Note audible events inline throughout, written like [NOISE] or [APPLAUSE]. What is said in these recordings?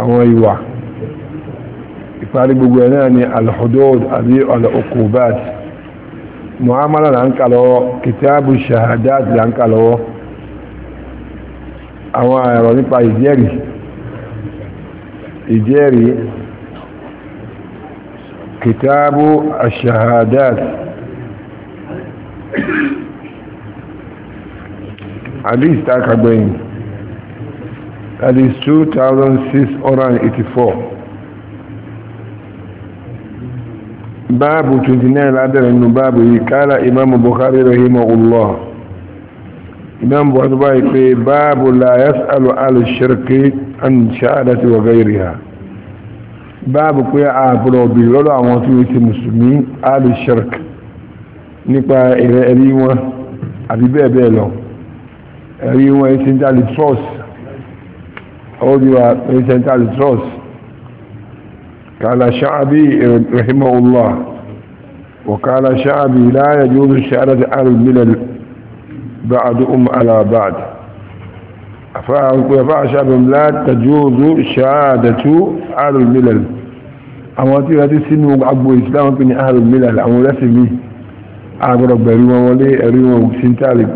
àwọn ìwà ìparí gbogbo ẹ̀ náà ni alhudud àbí alhukubat muhammadu là ń kà lọ́wọ́ kìtàbù shahadat là ń kà lọ́wọ́ àwọn ẹ̀rọ nípa ìjẹ́rìí ìjẹ́rìí kìtàbù shahadat àbí ìsìtàkàgbẹ̀yìn that is 2684 báàbù 29 ládẹ̀rẹ̀ nínú báàbù yìí kálá imamu bukhari rahimahullah imam bukhari báyìí pé báàbù la yas'alu al-shirki an shahadati wa ghayriha báàbù pé ààbùrọ̀ òbí lọ́dọ̀ àwọn tí ó ti musulmi al-shirk nípa ìrẹ̀ ẹ̀rí wọn àbí bẹ́ẹ̀ bẹ́ẹ̀ lọ ẹ̀rí wọn ti ń dálì عضو رئيس الانتقال التروس قال شعبي رحمه الله وقال شعبي لا يجوز الشعرة على الملل بعد أم على بعد فأفع شعب لا تجوز شهادة أهل الملل أما تقول هذه السنة أبو الإسلام أبني أهل الملل أما لسمي أبو رب أريم أولي أريم أبو سنتالي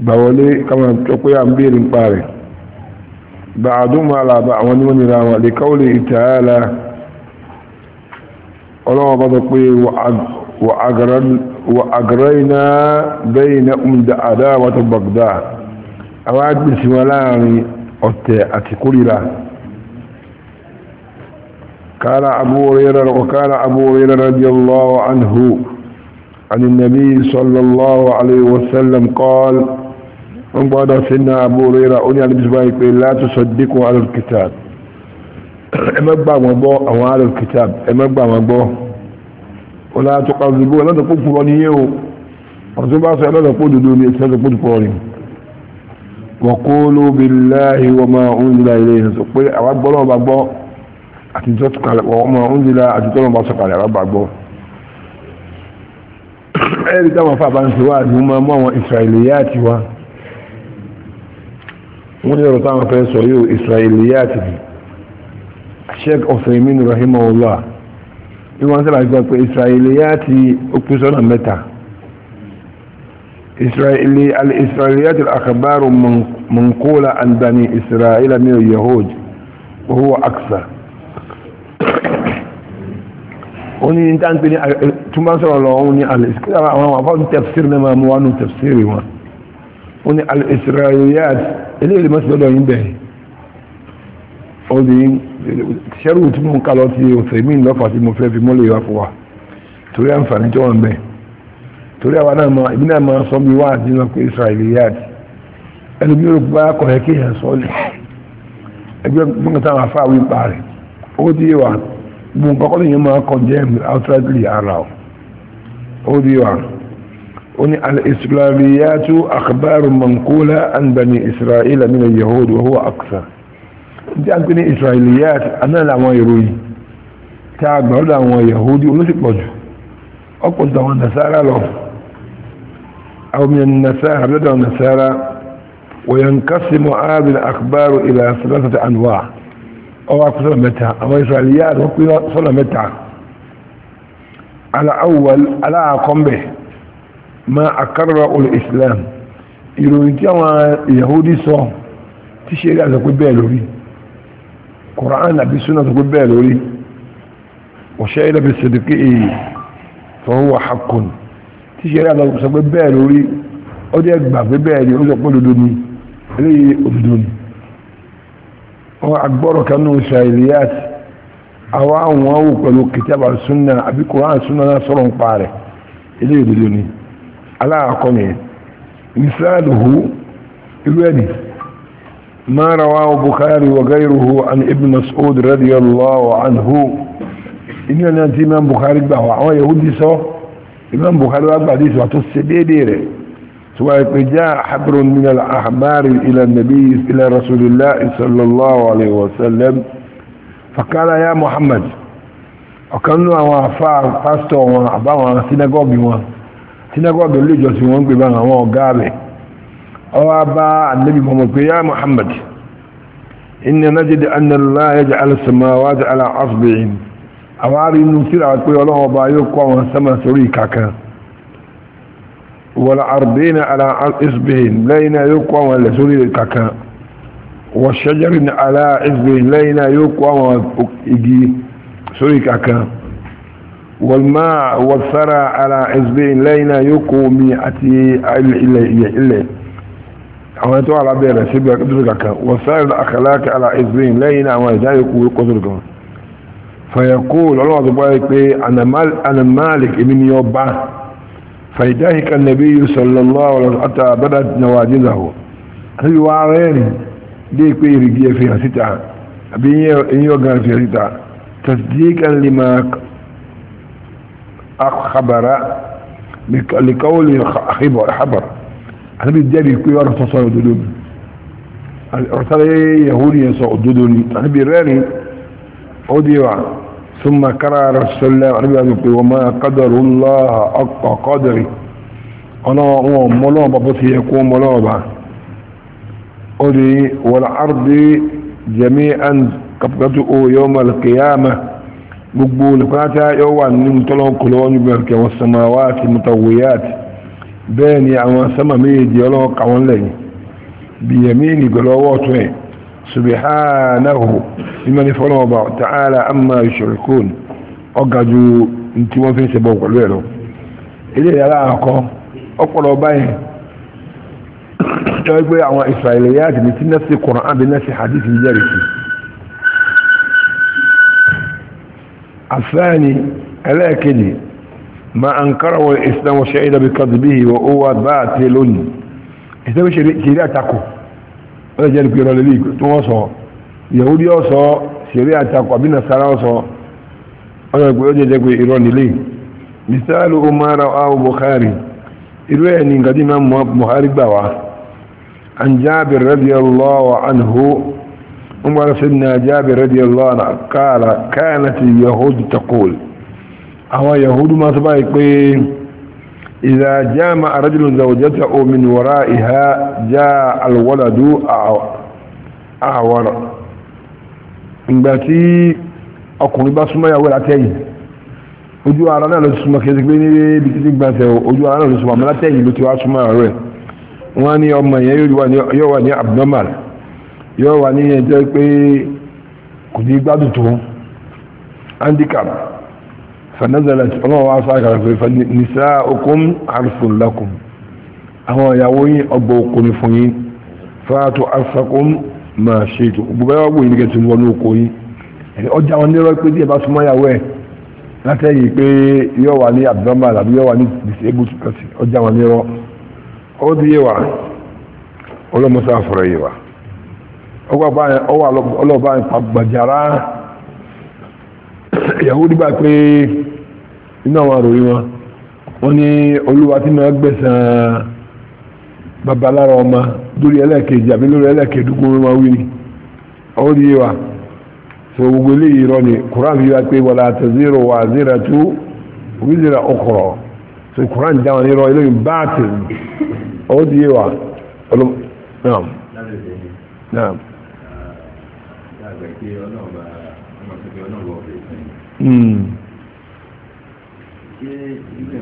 بأولي كما تقول أمبير مبارك بعضهم على بعض ونمنا لقوله تعالى الله بضقي وأقرينا بين أم دعاء بغداء أواد بسمالاني يعني أتكولي له قال أبو هريرة وقال أبو هريرة رضي الله عنه عن النبي صلى الله عليه وسلم قال wọ́n gbọ́dọ̀ sí ní Abu Huraira ó ní alìbísí báyìí pé la tusaddiqu ala al-kitab ẹ má gbà wọ́n gbọ́ àwọn ala al-kitab ẹ má gbà wọ́n gbọ́ ó láti tó kàwé gbogbo ọlọ́dọ̀ kó kúrọ ní yíò ọ̀tún bá sọ ọlọ́dọ̀ kó dúdú ní ẹ̀sẹ̀ tó kúrọ ní wa qulu billahi wa ma unzila ilayhi sọ pé àwọn gbọ́dọ̀ bá gbọ́ àti tó kalẹ̀ wọ́n ma unzila tó kalẹ̀ wọ́n máa mú wọ́n ní ọ̀rọ̀ táwọn fẹ́ sọ yóò israeliyat ni sheikh ọ̀sẹ̀mín rahimahullah bí wọ́n sábà gbọ́ pé israeliyat ó pín sọ́nà mẹ́ta israeliyat al-akhbaru manqula an bani israel min yahud wa huwa aksar wọ́n ní níta ń pè ní túnbá sọ̀rọ̀ lọ wọ́n ní al-israel àwọn afọ́ tafsir náà máa mú wọn tafsir wọn wọ́n ní al-israeliyat eléyìí lè mọ́ sí lọ́dọ̀ yín bẹ̀rẹ̀ ọdún ṣẹ́rù tí mo ń kà lọ ọ̀sẹ̀ mí lọ́fà tí mo fẹ́ fi mọ́lẹ̀ wá fún wa torí àǹfààní tí wọ́n bẹ̀ torí àwa náà mọ ìbí náà máa sọ bí wá àti lọ pé Israeli yard ẹni bí bá kọ̀ ẹ́ kí sọ ẹgbẹ́ táwọn ara ó وني الإسلاميات أخبار منقولة عن بني إسرائيل من اليهود وهو أكثر دي بني إسرائيليات أنا لا ما يروي تعب هذا هو يهودي ونسي بوجه أقول ده النسارى لو أو من النسارى لدى النسارى وينقسم هذه الأخبار إلى ثلاثة أنواع أو أكثر متى أو إسرائيليات وكل صلى متى على أول على أقوم به ma àkàrà olùislam ìròyìn tí àwọn yahudi sọ tí ṣeré àti pé bẹ́ẹ̀ lórí koran àbí súnà tó bẹ́ẹ̀ lórí ọ̀ṣẹ́ ìrẹ́bẹ̀ sẹ̀dẹ̀kẹ́ èyí fọwọ́ hakun tí ṣeré àti sọ bẹ́ẹ̀ lórí ó jẹ́ gbà pé ni ni aláàkọ́ ni misaluhu irú ẹni ma rawahu Bukhari wa gairuhu an ibn Mas'ud radiyallahu anhu inú ẹni àti imam Bukhari gbà wà àwọn Yahudi sọ imam Bukhari wà gbà dísọ tó ṣe déédéé rẹ̀ tó wà pé já habrun min al-ahmari ila nabi ila rasulillah sallallahu alaihi wasallam fakala ya Muhammad ọ̀kan àwọn afá pásítọ̀ wọn àbáwọn sinagogi wọn sinagogo ilé ìjọsìn wọn gbé báyìí àwọn ọ̀gá rẹ̀ ọwọ́ bá annabi muhammad pé ya muhammad inna najid anna allah yaj'al samawati ala asbi'in awari nu sira pé Ọlọ́run ọba yóò kó àwọn sama sórí kankan wala ardina ala asbi'in lẹ́yìnà yóò kó àwọn ilẹ̀ sórí kankan wa shajarin ala asbi'in lẹ́yìnà yóò kó àwọn igi sórí kankan والماء والثرى على عزبين لينا يقومي أتي إليه إليه àwọn ẹ̀tọ́ alábẹ̀rẹ̀ síbẹ̀ kìtùrùkà kan wọ́n sáré àkàlákì ala israel lẹ́yìn àwọn ìdá yòókù kọ́tùrù kan fàyẹ̀kó lọ́lọ́wọ́ tó báyìí pé anamalik èmi ni ọba fàyẹ̀dáhì kan nàbí sallallahu alaihi ata bẹ́dà nàwàdìláwò àti wà rẹ́rìn dé pé ìrìgì ẹ̀fẹ̀ síta àbí ìyẹn ọgàn ẹ̀fẹ̀ síta tasdikan lima خبر لقول خبر حبر انا بيجري كل يوم تصور دودوني ايه يهودي يسوع دودوني انا بيراني اوديوا ثم كرى رسول الله عليه والسلام وما قدر الله حق قدره انا مولا بابتي يكون مولا با اودي والارض جميعا قبضته يوم القيامه gbogbo olùpátá yóò wà ní mutọ́lọ́kọ̀lọ́ níbẹ̀rẹ̀ wọ́sàmáwá àti mutawiyat bẹ́ẹ̀ ni àwọn sánmà méjì ọlọ́ọ̀kà wọn lẹ́yìn bìyẹ̀mí nìgbẹ̀lọ́wọ́ tún ẹ̀ subhanahu mímọ́ ní fọ́nà ọba ta'ala amma yushrikun ọgá tí wọ́n fi ń ṣẹbọ pẹ̀lú ẹ̀ lọ ilé ìyára àkọ́ الثاني الاكدي ما انكره الاسلام وشهد بكذبه وهو باطل اسلام شريعه تاكو ولا جالك يرى ليك توصو يهودي يوصو شريعه تاكو بنا سراوصو أنا يقول لي جاكو يرون لي مثال عمر او بخاري يروي ان قديم محارب عن جابر رضي الله عنه عمر سيدنا جابر رضي الله عنه قال كانت اليهود تقول أو يهود ما سبق إذا جامع رجل زوجته من ورائها جاء الولد أعور إنباتي أقول بس ما يقول عتين ojú ara náà ló ti súnmọ́ kí ẹsẹ̀ pé ní ibi títí gbàtẹ̀ ojú ara náà ló ti súnmọ́ àmọ́ látẹ̀yìn ló ti wá súnmọ́ rẹ̀ wọ́n ní ọmọ yẹn yóò wà ní abnormal yóò wà ní ẹjọ́ pé kò ní gbádùn tó handicap fanazala ti ọlọ́wọ́ wá sáré kàrà pé nìsá okun arfun lakum àwọn ìyàwó yín ọgbọ̀ oko ni fún yín fàátù arfakun ma ṣe ètò gbogbo ẹwà gbòyìn nígbà tí wọn ní oko yín ẹni ọjà wọn nírọ pé díẹ̀ bá súnmọ́ ìyàwó ẹ̀ látẹ̀yìn pé yóò wà ní abdominal àbí yóò wà ní disabled person ọjà wọn nírọ ó di yé ọlọ́mọsá àfọ̀rọ̀ yé wa. ọwọ́ ọlọ́ọ̀bá gbàjára ìyàwó dìgbà pé inú àwọn àròyìn wọn wọ́n ni olúwa tí náà gbẹ̀sán babalára ọmọ lórí ẹlẹ́ẹ̀kejì àbí lórí ẹlẹ́ẹ̀kẹ́dógún wọn wí ni ọwọ́ di wa so gbogbo eléyìí rọ ni fi wá pé àtẹ̀zírò wà tó ọkọ̀rọ̀ so rọ eléyìí báàtì ọwọ́ di wa pé hmm. hmm, ṣẹlẹ̀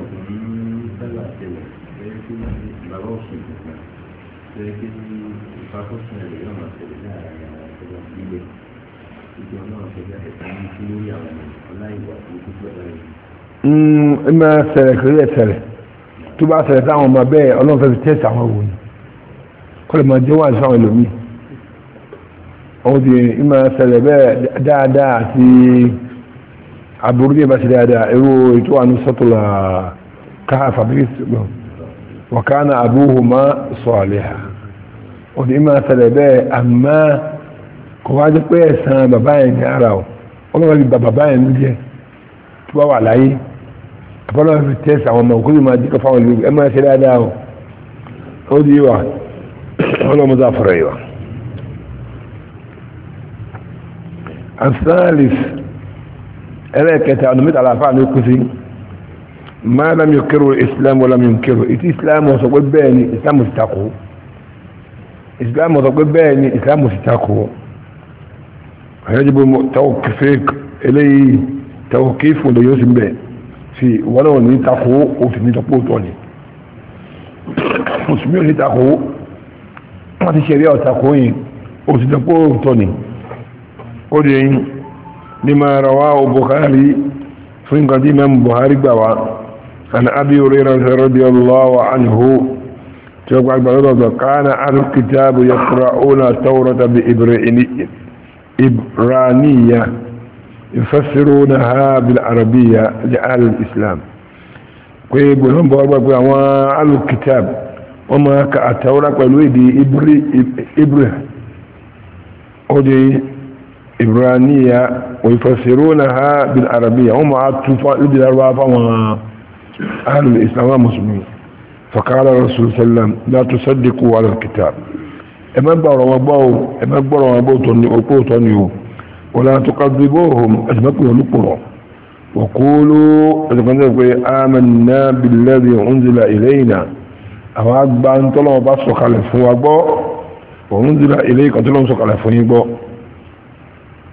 ẹ̀sán ẹ ṣẹlẹ̀ tó bá ṣẹlẹ̀ táwọn ọmọ bẹ́ẹ̀ ọlọ́run fẹ́ fi tẹ́sí àwọn òwò kọ́lẹ̀ máa jẹ́ wà ẹlòmíì ọdí ima ṣẹlẹ̀ dáadáa àti àbúrú bí ẹ bá ṣe dáadáa irú ètò àánú sọ́tọ̀lá káàfà bí ṣùgbọ́n wọ̀kánà àbúhùmá sọ àlẹ́hà ọdí ìmọ̀ ṣẹlẹ̀ bẹ́ẹ̀ àmá pé ẹ̀sán bàbá yẹn ní ara ọ̀ ọlọ́wọ́ bí bàbá yẹn ló jẹ́ tó bá wà láyé àbọ́lọ́wọ́ fi tẹ́sí àwọn ọmọ òkú máa jíkọ̀ fáwọn ìlú ẹ máa ṣe dáadáa ọlọ́mọdé àfọ̀rọ̀ الثالث ألا كتاب نمت على فعل الكثير ما لم يكره الإسلام ولم ينكره الإسلام وصقب باني الإسلام مستقو الإسلام وصقب باني الإسلام مستقو يجب توقفك إليه توقيف وليوسم به في ولو أن أو وفي نتقو توني مسلمين يتقو ما تشريع تقوين وفي نتقو توني قدين لما رواه البخاري في قديم البخاري بوا عن أبي هريرة رضي الله عنه كان أهل الكتاب يقرؤون التوراة بإبرانية يفسرونها بالعربية لأهل الإسلام ويقولون بوا أهل الكتاب وما كالتوراة والويدي إبري إبري, إبري إبرانية ويفسرونها بالعربية هم عطفوا الأربعة فهم أهل الإسلام المسلمين فقال الرسول صلى الله عليه وسلم لا تصدقوا على الكتاب اما بروا باو اما بروا باو تني اوكو تني ولا تقذبوهم اسمكوا لقرا وقولوا آمنا بالذي أنزل إلينا أو أتبع أن تلو بصق على وأنزل إليك تلو بصق على فوق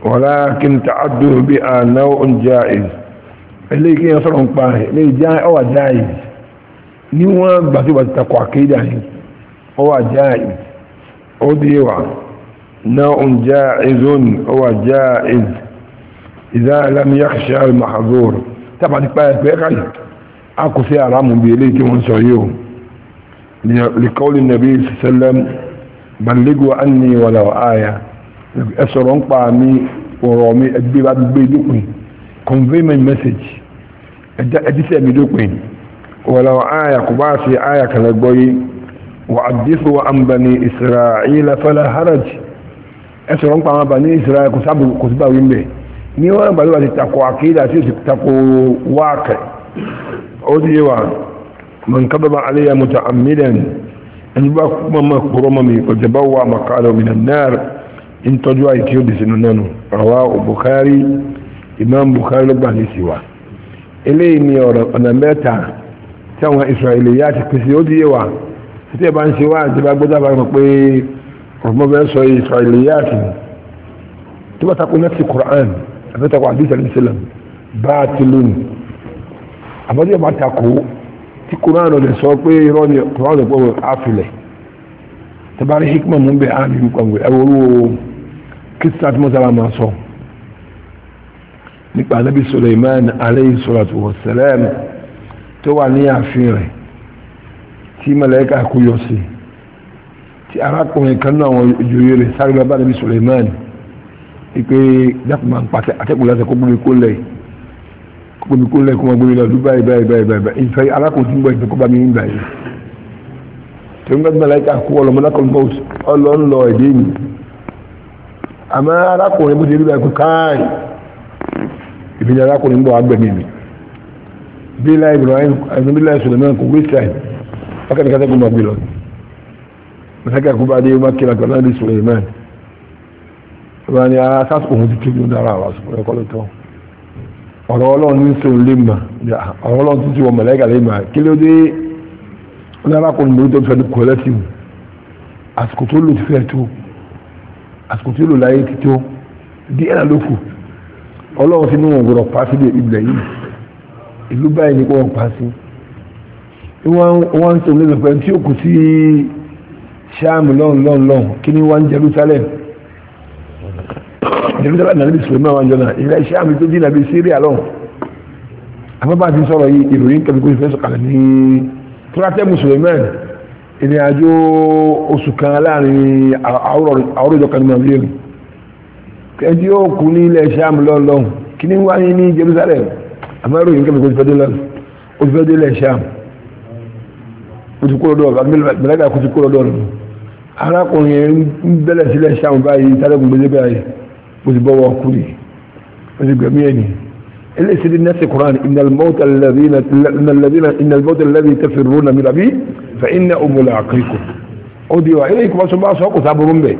ولكن تعده بها نوع جائز اللي كي يصرع مقباه اللي جائز هو جائز نيوان بس بس تقوى كيدا هو جائز أضيوع نوع جائز هو جائز إذا لم يخشى المحظور طبعا تقباه كيكاي أكو أرام سيارام بيليتي سويو لقول النبي صلى الله عليه وسلم بلغوا عني ولو آية ẹ sọ̀rọ̀ ń pa mi ọ̀rọ̀ mi ẹgbẹ́ bá gbé dópin convey my message ẹjísẹ́ mi dópin wọ́lá àyà kò bá ṣe àyà kan lẹ́gbọ́ yìí wà á dífò wà ń bani Isra'ila fala haraj ẹ sọ̀rọ̀ ń pa wọn bani Isra'ila kò sábà kò sí báwí mbẹ̀ ní wọ́n bá lọ́wọ́ ti takò àkídà sí ti takò wáàkẹ́ ó ti yé wa من كذب علي متعمدا ان يبقى ما قرم من وتبوى مقاله من النار ń tọ́jú àìtí ó dìsí nínú nánu àwa Bukhari Imam Bukari ló gbà ní ìsìwà eléyìí ni ọ̀nà mẹ́ta tí àwọn Israẹli yá ti pèsè ó díye wa títí ẹ̀ bá ń ṣe wá àti bá gbọ́dọ̀ bá rò pé ọ̀gbọ́n bẹ́ẹ̀ sọ Israẹli yá ti tó bá takò náà ti Quran àbẹ́takò àdìsí àdìsílẹ̀ bá a ti lónìí àbájọ́ bá takò tí Quran lè sọ pé irọ́ ni Quran lè pọ̀ àfilẹ̀ tabari hikma mun bẹ àmì nǹkan wẹ̀ ẹ̀wọ̀n kìtà tí mo sábà máa sọ nípa anábì Suleiman aleyhi salatu wa salam tó wà ní ààfin rẹ̀ tí màláíkà kú yọ sí tí arákùnrin kan náà àwọn ìjòyè rẹ̀ sáré bàbá anábì Suleiman ipe dákun máa ń pàṣẹ àtẹ́kùn láti kó gbómi kó lẹ̀ kó gbómi kó lẹ̀ kó máa gbómi lọ Dubai báyìí báyìí báyìí ìfẹ́ arákùnrin tí ń bọ̀ ìfẹ́ kó bá mi ń gbà yìí tó ń gbàdúrà láìka kú ọlọmọlákọlọmọ ọlọ́ńlọ ẹ̀dẹ́ yìí àmọ́ arákùnrin bó ti rí báyìí káàì ìbí ni arákùnrin bọ̀ agbẹ̀mí mi bí láì Ibrahim àìsàn bí láì Suleiman kò wé sáì wákàtí kátà kó máa gbé lọ mọ̀sákà kó bá dé wọ́n kí lọ́kọ̀ láì Suleiman wọ́n ni ara ah, sásùkò òun ti kéde ó dára àwọn àsùkò ẹ̀kọ́ ló tọ́ ọ̀rọ̀ ọlọ́run ní sọ lè mà ọ̀rọ̀ ọlọ́run tún ti wọ mọ̀lẹ́kà lè mà kí ló dé ó ní arákùnrin mi tó fẹ́ kọ́ lẹ́sìn àsìkò tó lò ti fẹ́ tó àsìkò tí ó lò láyé ti tó díẹ̀ náà ló kù ọlọ́run ti ní wọn gbọ́dọ̀ pa síbi ìbílẹ̀ yìí ìlú báyìí nípa wọn pa sí wọ́n ń tòun lẹ́sọ̀ pẹ̀lú tí ó kù sí sáàmù lọ́n lọ́n lọ́n kí ni wọ́n ń Jerusalem Jerusalem náà níbi sùlẹ̀mù àwọn jọ náà ìlà sáàmù tó dín nàbí Syria lọ́n afẹ́bá ti sọ̀rọ̀ yìí ìròyìn kẹ́mi kó fẹ́ sọ̀kalẹ̀ ní tíratẹ́ mùsùlùmí ìrìn àjò oṣù kan láàrin àwòrán kan nínú abúlé kẹjí ó kú ní ilẹ̀ Ṣáàmù lọ́nlọ́n kí ní wáyé ní Jerusalem amẹ́rò yìí kẹ́mẹ̀kọ́ ti fẹ́ dé lọ́nà ó ti fẹ́ dé ilẹ̀ Ṣáàmù ó ti kúrò dọ́ọ̀lù mẹ́lẹ́gà kó ti kúrò dọ́ọ̀lù arákùnrin yẹn ń bẹ̀lẹ̀ sí ilẹ̀ Ṣáàmù báyìí tálẹ́kùn gbé báyìí ó ti bọ́wọ́ kú ni ó ti gbẹ̀mí ẹ̀ ni eléyìí ti di nẹ́sì Kùránì ìnàlmọ́tà lẹ́bí fẹ̀yìnà òmùlà àkíkò ó di wa ilé ìkọ́ sọ bá sọ kò sábúrú ń bẹ̀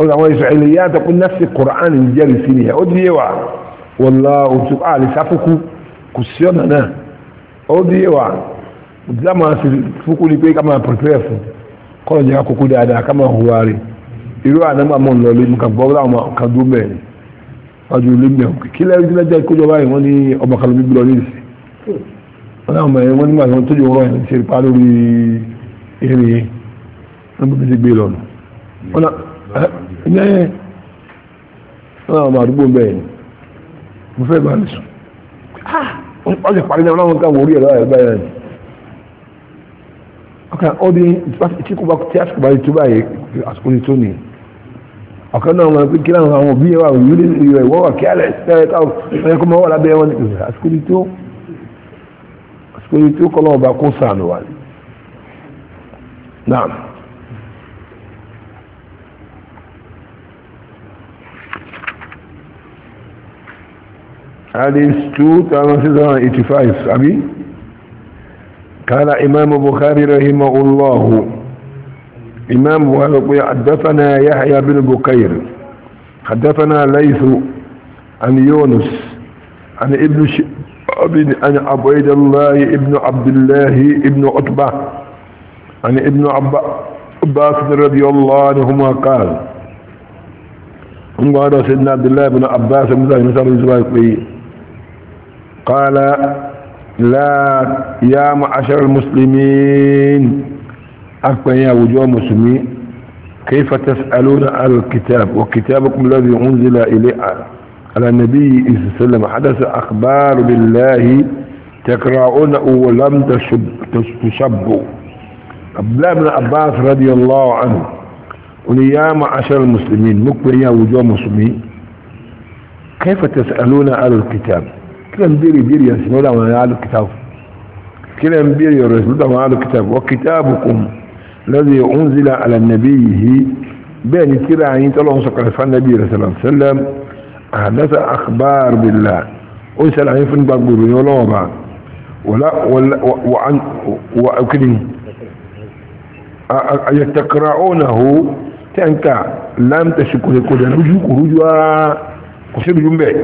ó sàwọn ìsọ̀rẹ̀lẹ̀ yá tó kún nafsi kùránì jẹ́rìí sí ni ó di wa wọlá òtún àlè sáfúkú kò sí di wa òtútà máa sì ni pé ká máa pèpè fún kọ́lọ̀ jẹ́ àkókò dáadáa ká máa hùwà rẹ̀ irú àdámà mọ̀ lọ́lé mo kà gbọ́ láwọn kan dó mẹ́rin wájú ilé mẹ́rin kí lẹ́yìn tí wọ́n jẹ́ ìkójọba yìí wọ́n ní ọmọ kan lómi gbúdọ̀ wọ́n náà mẹ́rin wọ́n nígbà tí wọ́n tójú ọ̀rọ̀ yẹn ṣe pa lórí eré wọ́n bí ti gbé lọ́nà wọ́n náà máa dúgbò bẹ́ẹ̀ ni mo fẹ́ bá nìsùn ah! wọ́n ti parí náà láwọn kan wòrí ẹ̀rọ ẹ̀ báyìí ni ọkàn ọdún tí kò bá tí àsìkò bá tó báyìí àsìkò ní tó nìyí ọ̀kan náà wọn pé kí láwọn àwọn òbí yẹn wà wọ́n wà kí á lẹ̀ ṣẹ́yẹ táwọn ẹ̀kọ́ máa wà lábẹ́ wọn ní àsìkò ní tó lórí tí ó kọ́ lọ́wọ́ bá kó sànù wá ní. náà حديث 2685 أبي قال إمام بخاري رحمه الله إمام بخاري حدثنا يحيى بن بكير حدثنا ليث عن يونس عن ابن أبن أنا عبيد الله ابن عبد الله ابن عتبة عن ابن عباس رضي الله عنهما قال قال سيدنا عبد الله بن عباس قال لا يا معشر المسلمين أكبر يا وجوه مسلمين كيف تسألون على الكتاب وكتابكم الذي أنزل الي على النبي صلى الله عليه وسلم حدث أخبار بالله تقرؤون ولم تشبوا عبد بن عباس رضي الله عنه يا معشر المسلمين مكبر يا وجوه المسلمين كيف تسألون على الكتاب كلا بيري بيري يسألون على الكتاب كلا بيري يسألون على الكتاب وكتابكم الذي أنزل على النبي بين ترى عين تلون سقر فالنبي صلى الله عليه وسلم أحدث أخبار بالله أنسى العين في البقبور يولوبا ولا ولا وعن وأكلم يتقرعونه تنكا لم تشكوا يقول رجو رجوا كسر جنبه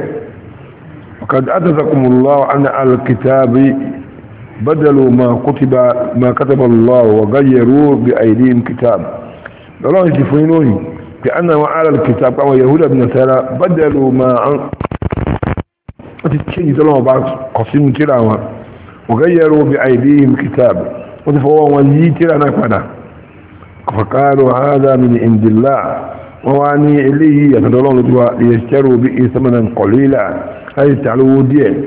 وقد أدثكم الله أن الكتاب بدلوا ما كتب ما كتب الله وغيروا بأيديهم كتاب الله يجفينوني كأن على الكتاب أو يهود بن سارة بدلوا ما عن تتشيني سلام بعض قصيم تلاوة وغيروا بأيديهم كتاب وتفوا ولي تلانا فدا فقالوا هذا من عند الله وواني إليه يتدلون لدواء ليشتروا به ثمنا قليلا هذه تعلو دين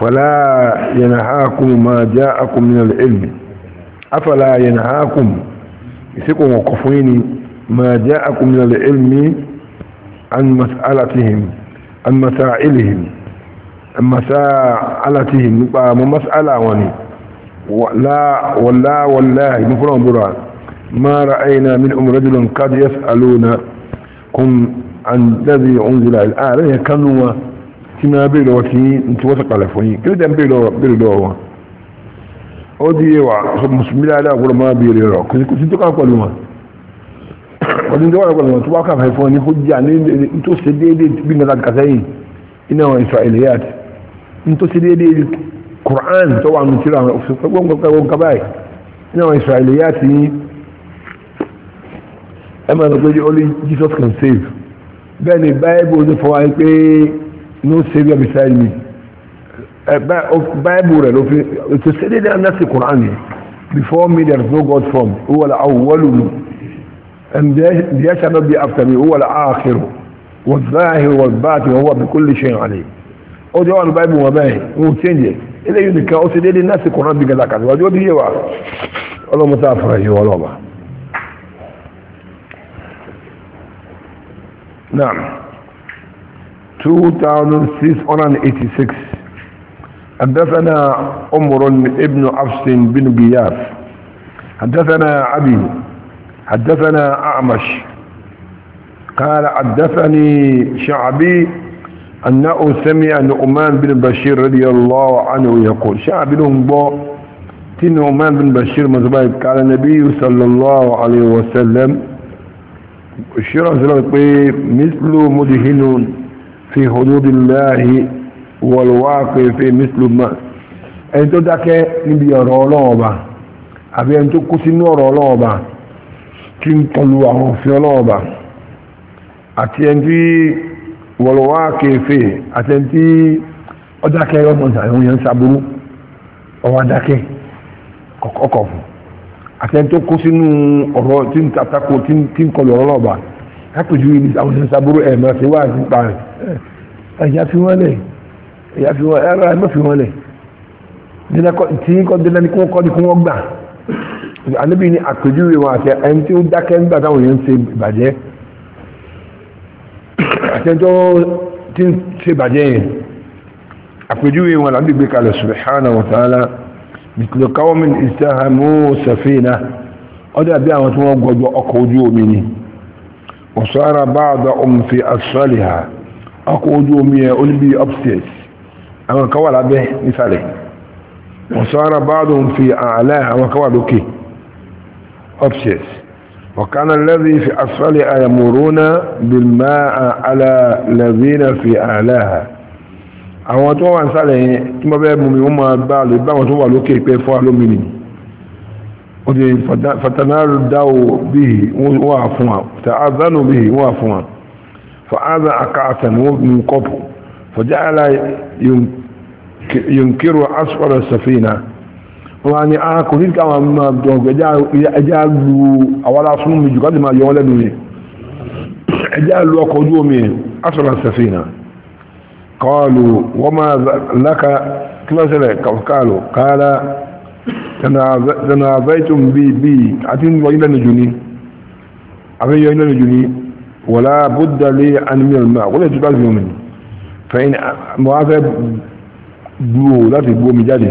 فلا ينهاكم ما جاءكم من العلم أفلا ينهاكم يسيكم وقفيني ما جاءكم من العلم عن مسألتهم عن مسائلهم عن مسألتهم مسألة وني ولا ولا والله مفرون برا ما رأينا منهم رجل قد يسألونكم عن الذي أنزل الآن كانوا كما بيلو وكي انت وثق على فوني كل دم بيلو بيلو هو ودي وا مسلم لا لا ولا ما بيلو كنت كنت تقول ما wani da wani gwamnati ba ka haifo ni hujja ne to sai daidai bin da zaka sai ina wa isra'iliyat in to sai daidai qur'an to wa mu tira su ko gonga ko ka bai ina wa isra'iliyat ni amma da goji only jesus can save bẹ́ẹ̀ni bible ló fọwọ́ pé no savior beside me bible rẹ̀ ló fi to say daidai and that's before me there is no god formed huwa al-awwalu أن يشهد بأفتمي هو الآخر والظاهر والباطن هو بكل شيء عليه. ó jẹ́ wà ní báìbù wọn báyìí wọn ò tíyẹ̀ eléyìí nìkan ó ti dédé náà sì kùnrin bí gàdá kàdé wájú wa ọlọ́mọ tá a fara yìí wọ́n lọ́ba. naam two thousand six hundred and eighty six حدثنا عمر بن حفص بن غياث حدثنا عبي حدثنا أعمش قال حدثني شعبي أنه سمع نؤمان بن بشير رضي الله عنه يقول شعبي بو تين نؤمان بن بشير مزبايب قال النبي صلى الله عليه وسلم الشرع مثل مدهن في حدود الله والواقع في مثل ما أنتو داك نبي رولو با أبي أنتو كسي رولو با kí n tọ́lu àwọn òfin ọlọ́ọ̀bà àti ẹni tí wọ̀lọ̀wá kẹfẹ́ àti ẹni tí ọdákẹ́ ọmọdé àwọn yẹn ń sàbúrú ọwọ́ adákẹ́ ọkọ̀ fún àti ẹni tó kó sínú ọ̀rọ̀ tí ń takò tí ń kọlu ọlọ́ọ̀bà lápèjú ibi àwọn yẹn ń sàbúrú ẹ̀ máa fi wá àti pa rẹ̀ ẹ̀yà fi wọ́n lẹ̀ ẹ̀yà fi wọ́n ẹ̀rọ ẹ̀ mọ́ fi wọ́n lẹ̀ anabi ni àpèjúwe wọn àti ẹni tí ó dákẹ́ nígbà táwọn èèyàn ń ṣe ìbàjẹ́ àtẹ́jọ́ tí ń ṣe ìbàjẹ́ yẹn àpèjúwe wọn làbí gbé kalẹ̀ subhanahu wa ta'ala mithlu qawmin istahamu safina ọdún àbí àwọn tí wọ́n gbọ́jọ ọkọ̀ ojú omi ni wa sara ba'duhum fi asfaliha ọkọ̀ ojú omi yẹn ó ní bí upstairs àwọn kan wà lábẹ́ nísàlẹ̀ wa sara ba'duhum fi a'laha àwọn kan wà lókè options وكان الذي في أسفلها يمرون بالماء على الذين في أعلاها àwọn tó wà ń sálẹ̀ yẹn tí wọ́n bẹ́ẹ̀ mumi wọ́n máa bá lè bá wọn tó wà lókè pé fún alómìnì ó di fatanaru dáwò bí wọ́n wà fún wa ta'azanu bí wọ́n wà fún wa fa'aza aka'atan wọ́n mú kọ́pù fọ́jà ala yunkiru asfara safina wọn ni a ah, kò ní káwọn máa dùn ọgbẹ ẹjá lu àwárá fún mi jù ká lè máa yọ wọn lẹ́nu mi ẹjá lu ọkọ̀ ojú omi asọ̀rọ̀ sẹ̀fìn náà kọlu wọ́n máa láka kí wọ́n ṣẹlẹ̀ kọlu kára tẹnàbẹ́tùn bí bí àti wọ́n lẹ́nu jù ní àbẹ́yọ lẹ́nu jù ní wọ́lá búdàlé animiyan máa wọ́n lè bá fi omi fẹ́yìn mọ́ á fẹ́ gbúwò láti gbúwò mi jáde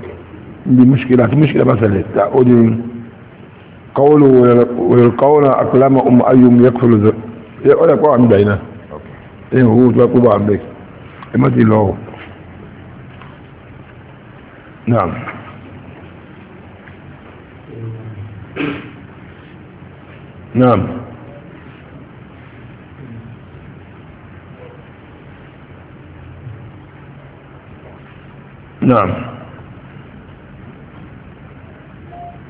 بمشكلة مشكلة مثلا تأودي قوله ويلقون أقلام أم أيهم يكفل ذر يقول لك وعن بينا إيه هو تقول وعم بيك إما إيه، دي له نعم نعم نعم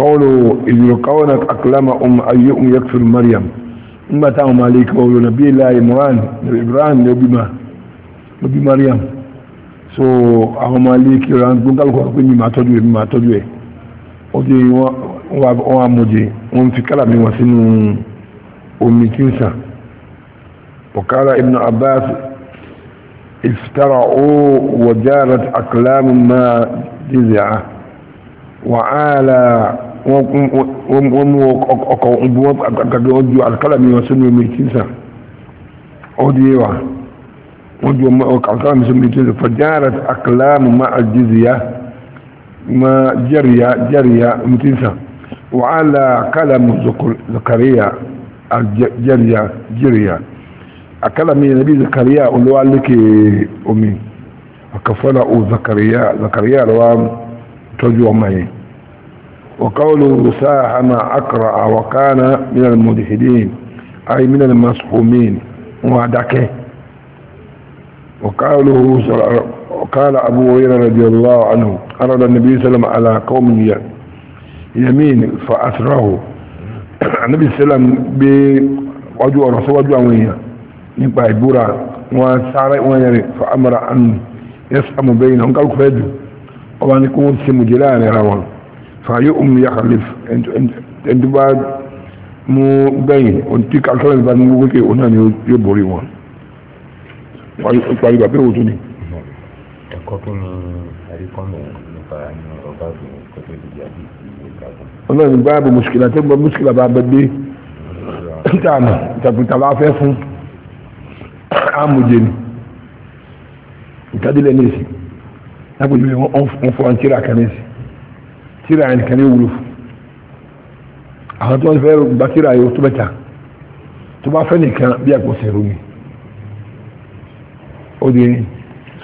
قوله إذ يلقونك أقلامهم أيهم يكفر مريم nígbà táwọn malik ọ̀rọ̀ nàbí ilá imran ibrahim ní obi mariam so àwọn malik ìran gbóngálùkọ́ pé ní máa tọ́jú ẹ̀ máa tọ́jú ẹ̀ ó di wọ́n amòjì wọ́n fi kálàmì wọn sínú omi tí ń sàn ọ̀kára ibn abbas iftara ó wọ̀járat aklam máa jizya wa'ala wọ́n mú ọkọ̀ ìbú àgbàgbà wọ́n ju àkàlàmì wọn sínú omi tíńsà ọdún yẹwà wọ́n ju àkàlàmì sínú omi tíńsà fàjára omi tíńsà wàhálà àkàlàmù zakariya zakariya olówó alékè omi وقوله ساهم أقرأ وكان من الملحدين أي من المصحومين وعدكه وقاله وقال أبو هريرة رضي الله عنه أرد النبي صلى الله عليه وسلم على قوم يمين فأسره النبي صلى الله عليه وسلم بوجه الرسول وجه أموية يبقى إبورا وسارع فأمر أن يسأم بينهم قالوا كفيدو وأن يكون سمجلان رواه fàyè òun yà kàlif ẹ̀dùbà mú gbẹ̀yìn tí kàkàlẹ̀ nípa ní wípé òun náà ni yóò borí wọn parí bàbá òun tó ni. ẹ̀kọ́ kí ni àríkọ́mọ̀ nípa ọ̀rọ̀ báàbù kọ́tọ́ ìdí àbí ìgbàgbọ́. ọlọ́run báàbù mùsùlùmí àti mùsùlùmí bá bẹ dé tààmù tàbùtà bá fẹ́ fún àmùjẹ ni ìtàdílẹ̀ ní ìsìn lápòjú wọn fún àǹtírà kan ní ìsìn. tíra ẹni kan ní wúlò àwọn tó ń fẹ́ gba tíra yóò tó tó bá nìkan bí ó di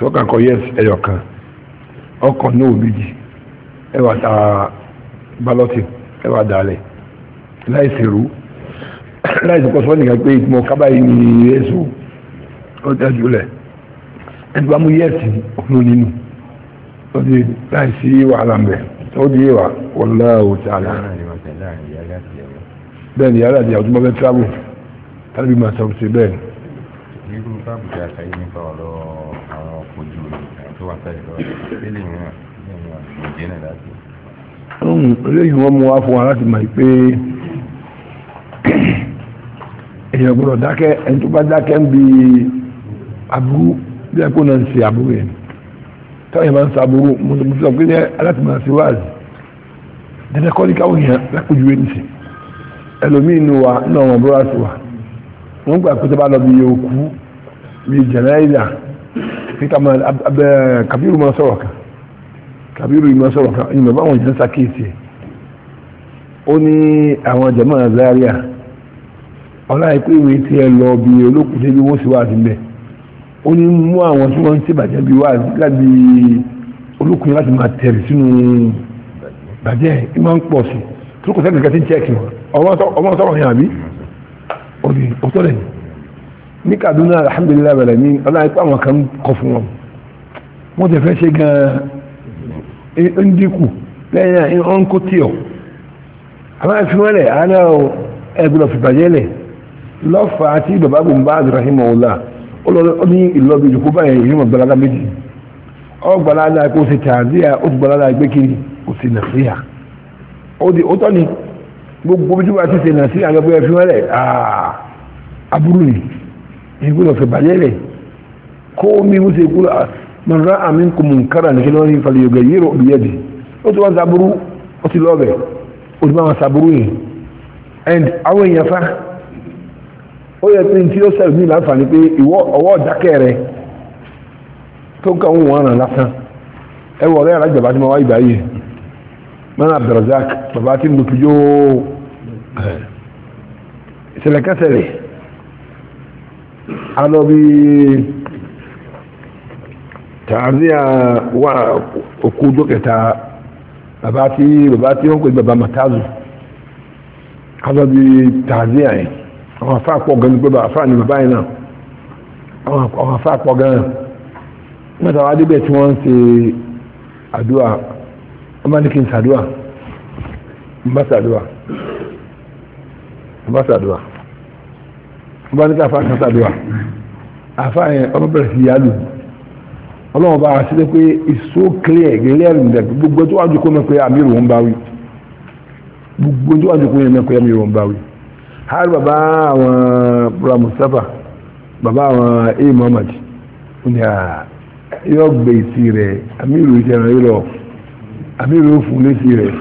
kọ yẹ́s ẹyọ kan ẹwà ta ẹwà dalẹ láì sẹ̀rù láì sọ̀kọ́ sọ́ọ́ nìkan pé ìtumọ̀ kábàáyé ni yẹ́sù ó dájú bá mú nínú ó di láì ó di yíwa wallahu ta'ala bẹ́ẹ̀ ni yàrá ìyàwó tó bá fẹ́ tíráàbù tàbí máa sọ sí bẹ́ẹ̀ ni. irú báàbù tí a ṣe yìí nípa ọ̀rọ̀ àwọn ọkọ̀ ojú omi tó wà sáyé lọ́wọ́ sílẹ̀ ìrìnà ìrìnà ìjẹ́nà láti. Hmm, eléyìí wọ́n mú wá fún wa láti mọ̀ pé èèyàn gbọ́dọ̀ dákẹ́ ẹni tó bá dákẹ́ ń bi aburú bí ẹ̀kọ́ náà ń ṣe aburú táwọn yẹn máa ń sàbòrò mùsùlùmí sọ pé ní alátìmọ̀ sí wáàzì dandan kọ́ ní káwọn yẹn lápèjúwe nìsí nu wa náà wọn bọ́ra sí wa wọ́n gbà pé tó bá lọ bí òkú bí jẹ̀nẹ́ìlà peter man abẹ kabiru máa sọ̀rọ̀ kan kabiru máa sọ̀rọ̀ kan ìmọ̀ báwọn jẹ́ sàkíyèsí ẹ̀ ó ní àwọn jẹ̀mọ́ Zaria ọlá ìpéwé tí ẹ lọ bí olókùn débi wọ́n sì wá àti bẹ́ẹ̀ ó ní mú àwọn tí wọ́n ń tẹ́bàjẹ́ bí wá láti olókùn láti máa tẹ̀rì sínú bàjẹ́ ẹ máa ń pọ̀ sí tó kò sẹ́ni kẹtí chẹ́ẹ̀kì ọmọ sọ̀rọ̀ yẹn àbí òdì òtọ́ rẹ̀ ní Kaduna alhamdulilayi bẹ̀rẹ̀ ní ọláyé pé àwọn kan kọ fún wọn wọ́n ti fẹ́ ṣe gan-an ń dínkù lẹ́yìn náà ń kó tíọ̀ àwọn àfihàn rẹ̀ àná ẹgbẹ̀rún fìbàjẹ́ lẹ̀ lọ́fà àti bàbá bùnbá rahimahullah ọdún ìlọ́bí ìjòkó báyìí ìyẹn mọ̀ gbalaga méjì ọgbàládà kò sí tààzíà ó ti gbàládà gbé kiri kò sí nàṣíà ó di ótọ́ ni gbogbo bí wọ́n ti ṣe nàṣíà lọ́gbẹ́ fi wọ́n rẹ̀ aburú ni ìgbìlọ̀ fẹ̀ bàjẹ́ rẹ̀ kó mi mú sí ìgbìlọ̀ mọ̀nrá àmì kò mú nkára nìkan lọ́wọ́ ní falẹ̀ yọ̀gẹ̀ yìí rọ̀ bìyẹ́ di ó ti wọ́n saburú ó ti lọ́ọ̀bẹ̀ ó ti máa saburú yìí and àwọn èèyàn fa ó yẹ pé tí ó sẹ́rù ní láǹfààní pé ìwọ ọwọ́ ọ̀dákẹ́ rẹ tó ń kàwọn òun ọ̀ràn lásán ẹ wọ ọ̀rẹ́ alájọba tí mo wá ìgbà yìí mọ́nà abdulrasaq bàbá tí mo fi yóò ìṣẹ̀lẹ̀ kẹsẹ̀lẹ̀ alọ́ bí tààzíà wà òkú dókẹta bàbá tí bàbá tí wọ́n pè bàbá matazu alọ́ bí tààzíà yìí àwọn afá pọ̀ gan ní pé bàbá afá ni bàbá yìí náà àwọn afá pọ̀ gan náà mẹ́ta wá débẹ̀ tí wọ́n ń ṣe àdúrà wọ́n bá ní kí n ṣàdúrà n bá ṣàdúrà n bá ṣàdúrà n bá ní kí afá kan ṣàdúrà afá yẹn ọmọ bẹ̀rẹ̀ sí yálù ọlọ́wọ́ bá a ṣe pé it's so clear clear gbogbo tó wájú kó mẹ́ pé àmì ìròyìn bá wí gbogbo tó wájú kó mẹ́ pé àmì ìròyìn bá wí. har bàbá àwọn bra mustapha bàbá àwọn a muhammad ní à yóò gbé ìsì rẹ̀ amíru ìṣẹ̀rẹ̀ yìí lọ amíru ó fún lẹ́sì rẹ̀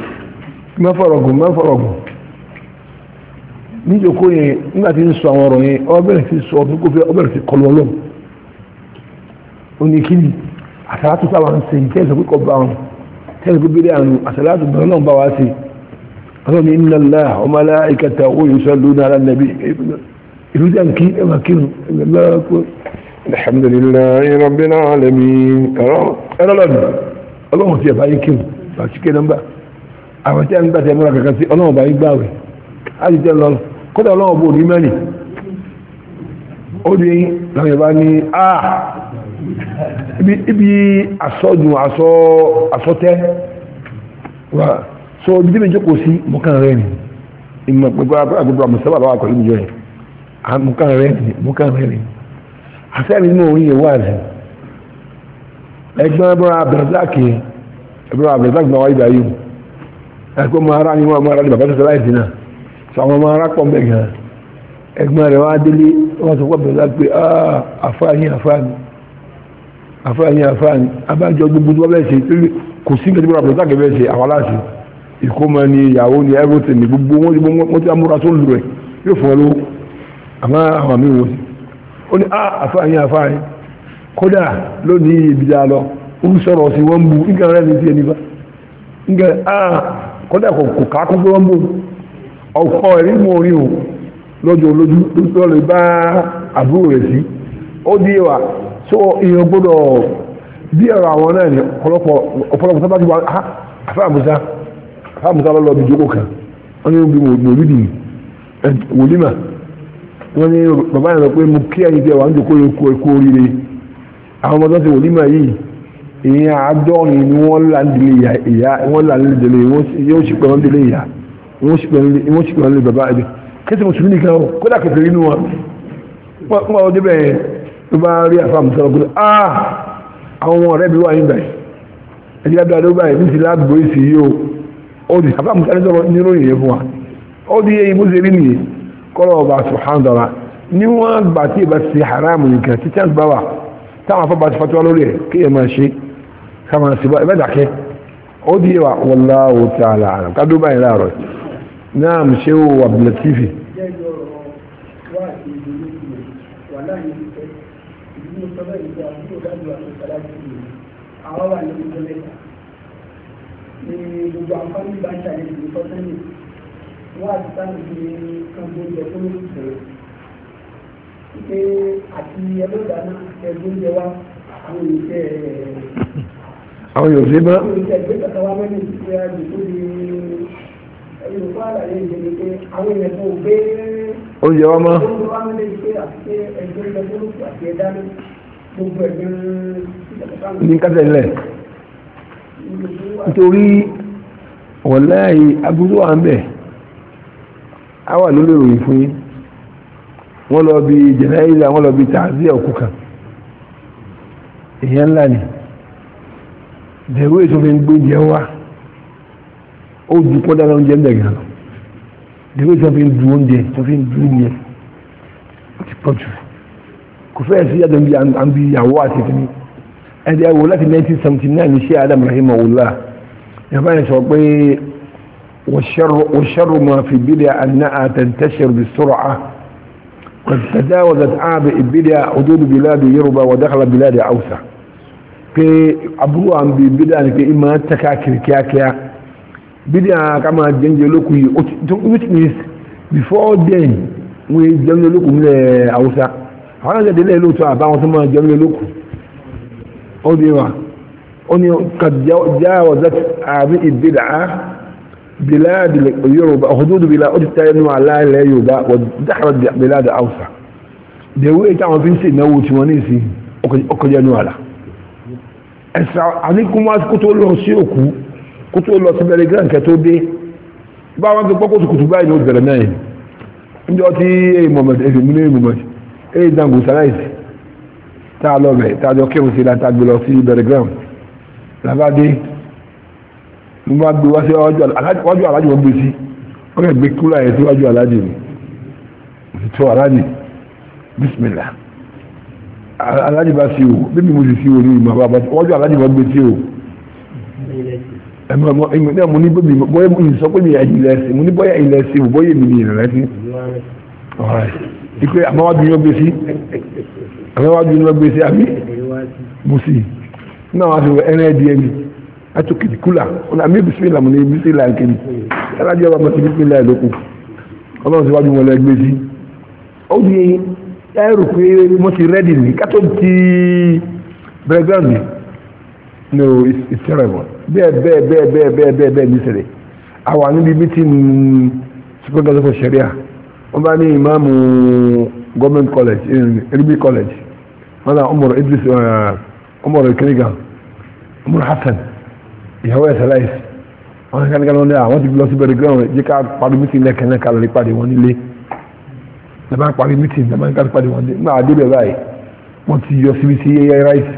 má fọ̀rọ̀gùn má yẹn nígbà tí ń sọ àwọn ọ̀rọ̀ yẹn ọ bẹ̀rẹ̀ sí sọ ọdún ọ bẹ̀rẹ̀ sí kọlu ọlọ́run ó ní kí ni sábà ń pé kọ bá wọn pé bí ọlọ́ni iná láà ọmọ aláìkàtà owó ìṣọ́lú náà nàbí ìlú jẹ́ kí ẹwà kírun ẹgbẹ̀lọ́pọ̀ alhamdulillahi rabbil alamin ẹrọ́lọ́dù ọlọ́run ti ẹ̀bá yí kírun pàṣíkẹ́ nọ́mbà àwọn tí a ń gbà tẹ múra kankan sí ọlọ́run bá yí gbàwẹ̀ á ti tẹ́ lọ kódà ọlọ́run bò ní mẹ́rin ó ní làwọn yorùbá ní a ah! ibi asọ́dùn asọ́tẹ́ wà so ibi tí mi jókòó sí mo kàn rẹ́ ni ìmọ̀ pẹ̀lú agbègbè àmọ̀sábà lọ́wọ́ pẹ̀lú ìjọ yẹn mo kàn rẹ́ ni mo kàn rẹ́ ni àfẹ́rin náà orí yẹn wà rẹ̀ ẹgbẹ́ ẹbúra abdulrasaq ẹbúra abdulrasaq náà wáyé báyìí ẹgbẹ́ ọmọ ara ni wọ́n ọmọ ara ni bàbá tó sọ láìsí náà sọ àwọn ọmọ ara pọ̀ mbẹ́ gan ẹgbẹ́ rẹ̀ wá délé wọ́n sọ fún abdulrasaq pé ah, àfáàní ìkómọ ni ìyàwó ni everything ni gbogbo wọn wọn ti amúra tó lù rẹ yóò fún ọ àwọn àmì wò sí ó ní ah, àfáàyín àfáàyín kódà lónìí ìbíjà lọ ó ń sí wọ́n nígbà ọkọ mú orin o lọ́jọ́ bá àbúrò rẹ̀ sí ó di wa so gbọ́dọ̀ bí ẹ̀rọ àwọn náà ọ̀pọ̀lọpọ̀ ọ̀pọ̀lọpọ̀ sábà ti wà á ah, àfáà fáàmùsá lọ́lọ́ bí jókòó kan wọ́n ní bí mòlúdì wòlímà wọ́n ní bàbá yẹn lọ pé mo kí ẹ̀yin tẹ́ wà ń jókòó yẹn kú oríire àwọn ọmọdé ti wòlímà yìí ìyẹn àádọ́rin ni wọ́n là ń délé ìyá wọ́n là ń délé yóò sì pẹ́ wọ́n délé ìyá wọ́n sì pẹ́ wọ́n délé bàbá ẹ̀bí kẹ́sì mùsùlùmí nìkan o kódà kẹfẹ́ nínú wọn wọ́n wọ́n débẹ̀ ló bá rí àfàmùsá lọ́kùnrin ah àwọn ọmọ rẹ̀ bí wọ́n àyìn báyìí ẹ̀jẹ̀ àdúrà ló báyìí ní ti láàbò ìsì yìí o ó di àbá musa lẹ́sọ̀rọ̀ níròyìn yẹn fún wa ó di yẹn ibùsẹ̀ rí nìyẹn kọ́lọ̀ ọba subhanallah ní wọ́n gbà tí ìbá ti haramu nìkan tí chance bá wà táwọn afọ́ bá ti fatuwa lórí ẹ̀ kí ẹ̀ máa ṣe ká máa ṣe bá ẹ̀ bá dàkẹ́ ó di yẹn wa wallahu ta'ala alam ká dó báyìí láàárọ̀ náà mo ṣe wo abdulatifi. àwọn wà ní ìjọba gbogbo àkọ́lù bá ń ṣàlejò ní sọ́sẹ́nì wọ́n àti sáàmì ti kan tó jẹ fún olùsọ̀rọ̀ pé àti ẹlọ́dà náà ẹgbẹ́ oúnjẹ wa àwọn oúnjẹ àwọn yóò fi mọ́. oúnjẹ ìgbé kàkà wa mẹ́rin ti fi àjò tó di yorùbá àlàyé ìdílé pé àwọn èèyàn tó gbé oúnjẹ wa mọ́. oúnjẹ wa mẹ́rin ti fi àti ẹgbẹ́ oúnjẹ fún olùsọ̀rọ̀ àti ẹ̀dá náà gbogbo ẹ̀gbẹ́ ní kásẹ̀ ńlẹ̀ nítorí wọ̀láyìí abúrú wà ń bẹ̀ a wà lórí ìròyìn fún yí wọ́n lọ bí jẹ̀nẹ́ìlà wọ́n lọ bí tààzíà òkú kan èyàn ńlá ni dẹ̀rú ètò fi ń gbé jẹ wá ó dùn pọ́ dára oúnjẹ ńlẹ̀ gan dẹ̀rú ètò fi ń du oúnjẹ tó fi ń du oúnjẹ ó ti pọ̀ jù kò fẹ́ sí yàtọ̀ bí àǹbí ìyàwó àti kìnnì ẹ̀dẹ̀ wò láti 1979 ní ṣé adam rahimahullah يبقى شوقي والشر, والشر ما في البدع أنها تنتشر بسرعة قد تجاوزت عاب البدع حدود بلاد يربى ودخل بلاد أوسع في عبروا عن البدع كي إما تكاكر كياكيا بدع كما جنجلوكي witness before then wọ́n jẹ́mílélókù nílẹ̀ Haúsá àwọn ẹ̀jẹ̀ délẹ̀ lóòótọ́ àbáwọn tó máa jẹ́mílélókù ó dé wa أني قد جاوزت هذه البدعة بلاد اليوروبا حدود بلاد التين على لا يوبا ودحرت بلاد أوسع دعوة تعمل في سنة وثمانيسي أكجانو على àníkún wá kó tó lọ sí òkú kó tó lọ sí bẹ̀rẹ̀gán kẹ tó dé bá wọ́n ti pọ́kó tukùtù báyìí ló bẹ̀rẹ̀ náà níjọ́ tí èyí mọ̀mọ̀tì èyí múlé mọ̀mọ̀tì èyí dangu sáláìsì tá a lọ bẹ̀ tá a jọ kírun sí i láti gbé lọ sí bẹ̀rẹ̀gán labade ló bá gbé wá sí wájú aláàjì wọ́n gbé sí wọ́n kẹ́ gbé kúlà yẹn sí wájú aláàjì ni òtítọ́ aláàjì bísímìlà aláàjì bá sí o bébí mo sì sí o ní ìmọ̀ bàbá wájú aláàjì wọ́n gbé sí o ẹmọ ọmọ ẹmọ náà mo ní bóbi bóyá mo sọ pé mi yà ilẹ̀ ẹsẹ̀ mo ní bóyá ilẹ̀ ẹsẹ̀ o bóyá èmi ni ìrẹ̀lẹ̀ sí. ìpè àmọ́wájú ni wọ́n gbé sí àmọ́wájú ni wọ́n gbé sí àbí mo sì. náà wá a ẹnẹ́dìẹ́ mi atukì kúlà ọ̀nà àmì bisimilà mọ̀ ní bisimilà nkiri ẹ̀rọ ajé ọba mọ̀tí bisimilà ẹ̀lọ́kù ọlọ́run síwájú wọn lẹ́gbẹ́ sí ó di ẹrù pé mo ti rẹ́dì ní kátó ti background mi no it's, it's terrible supreme council for sharia bá ní uh, government college erimi college ọmọ rẹ̀ kiri gan ọmọ rẹ̀ hasan ìyàwó ẹ̀sẹ̀ láìsí wọn ní kánikánni wọn ní àwọn ah, ti lọ sí bẹ̀rẹ̀ gíràn rẹ̀ jẹ́ ká parí mítìn lẹ́kẹ̀ẹ́ náà kálọ̀ nípàdé wọn nílé lẹ́bàá parí mítìn lẹ́bàá nípa nípàdé wọn nílé nígbà àdébẹ̀ báyìí wọ́n ti yọ síbi sí ẹyẹ ráìsì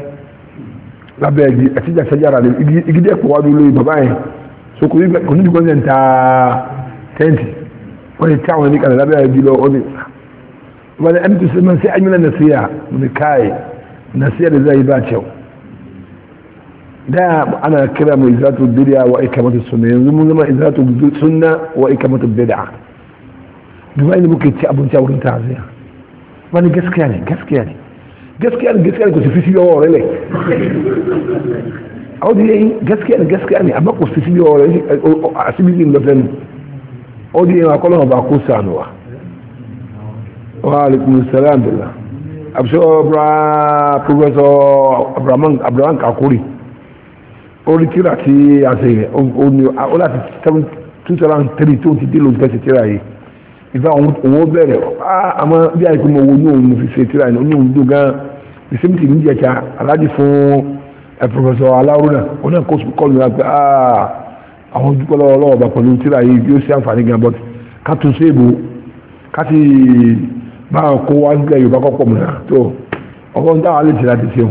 lábẹ́ ẹ̀jì àtijà sẹ́jára rẹ̀ igidẹ́ pọ̀ wá dúró bàbá yẹn so kò ní dùgbọ́n yẹn ta tẹ́ǹtì wọ́n ti tí àwọn oníkàlẹ̀ lábẹ́ ẹ̀jì lọ wọ́n ti wọ́n ti ẹni tó sẹ́mọ́ sí ẹ̀yìn da ana kira mai izatu bid'a wa ikamatu sunna yanzu mun zama izatu sunna wa ikamatu bid'a duk inda muke ci abinci a wurin ta'aziyya wani gaskiya ne gaskiya ne gaskiya ne gaskiya ne ku tafi siyo wa rele a wajen yayi gaskiya ne gaskiya ne amma ku tafi siyo wa rele a asibitin da zan a yayi akwai ba ku sanuwa wa alaikun salam billah abu shi professor abraman kakuri se orí tíra tí a ṣe ó láti two thousand three tó ti dé lóun tẹ́sí tíra yìí ìfẹ́ òun ó bẹ̀rẹ̀ àmọ́ bí àìkú mo wo ní òun fi ṣe tíra yìí ní òun dùn gan ìsèmìtì ní ìjẹ̀ka aláàjì fún ẹ pọfẹsọ alárúnà ó náà kó kọlù náà pé àwọn dúpẹ́ lọ́wọ́ ọlọ́ọ̀bà pẹ̀lú tíra yìí yóò ṣe àǹfààní gan bọ́t ká tún ṣe èbò ká sì bá kó wá sílẹ̀ yorùbá kọ́pọ̀ mọ́ náà tó ọgbọ́n táwọn alẹ́ tì láti ṣeun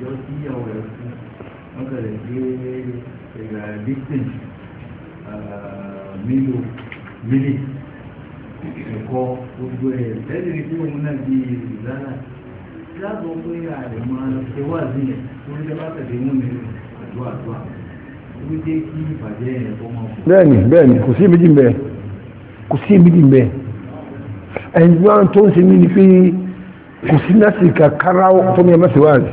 ìjọ tí ìyàwó rẹ̀ kú wọ́n bẹ̀rẹ̀ gbé ẹ̀rà dixon mílò mílì ẹ̀kọ́ gbogbo ẹ̀ lẹ́yìn rí pé òun náà di ìlànà láàbọ̀ pé ààrẹ máa ṣe wá sí yẹn torí ṣe bá tẹ̀lé mú mi àdúrà àdúrà ó dé kí ìbàjẹ́ yẹn kọ́ máa fò. bẹ́ẹ̀ni bẹ́ẹ̀ni kò sí méjì bẹ́ẹ̀ kò sí méjì bẹ́ẹ̀ ẹni tó ń ṣe mí ni pé kò sí násìkà káráwó tó ní ẹ mẹ́sìwáàzì.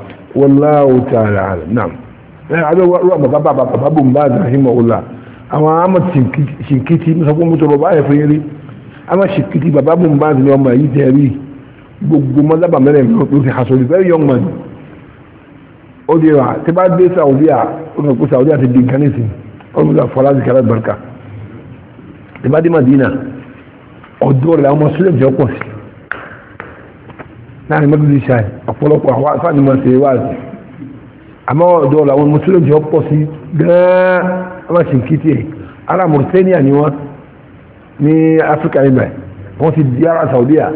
والله تعالى عالم نعم هذا رأب بابا بابا باز رحمه الله أما أما شنكتي نسبه متربع يفيري أما شنكتي بابا باز يوم يتهري gbogbo mọ́lábà mẹ́rin ló fi hasoli very young man ó di ra tí bá dé Saudi à ó nà kó Saudi à ti di nǹkan nísìn ó nà fọlá ti barka tí bá dé Madina ọdún rẹ̀ muslim jẹ́ pọ̀ sí láàrin mẹ́gbẹ̀lú ìṣàì ọ̀pọ̀lọpọ̀ àwọn afánimọ̀ ṣe wá sí àmọ́ ọ̀dọ́ làwọn mùsùlùmí jọ pọ̀ sí gan-an wọ́n sì kí tiẹ̀ ará Mauritania ni wọ́n ní Áfíríkà ibẹ̀ wọ́n ti di ará Saudiya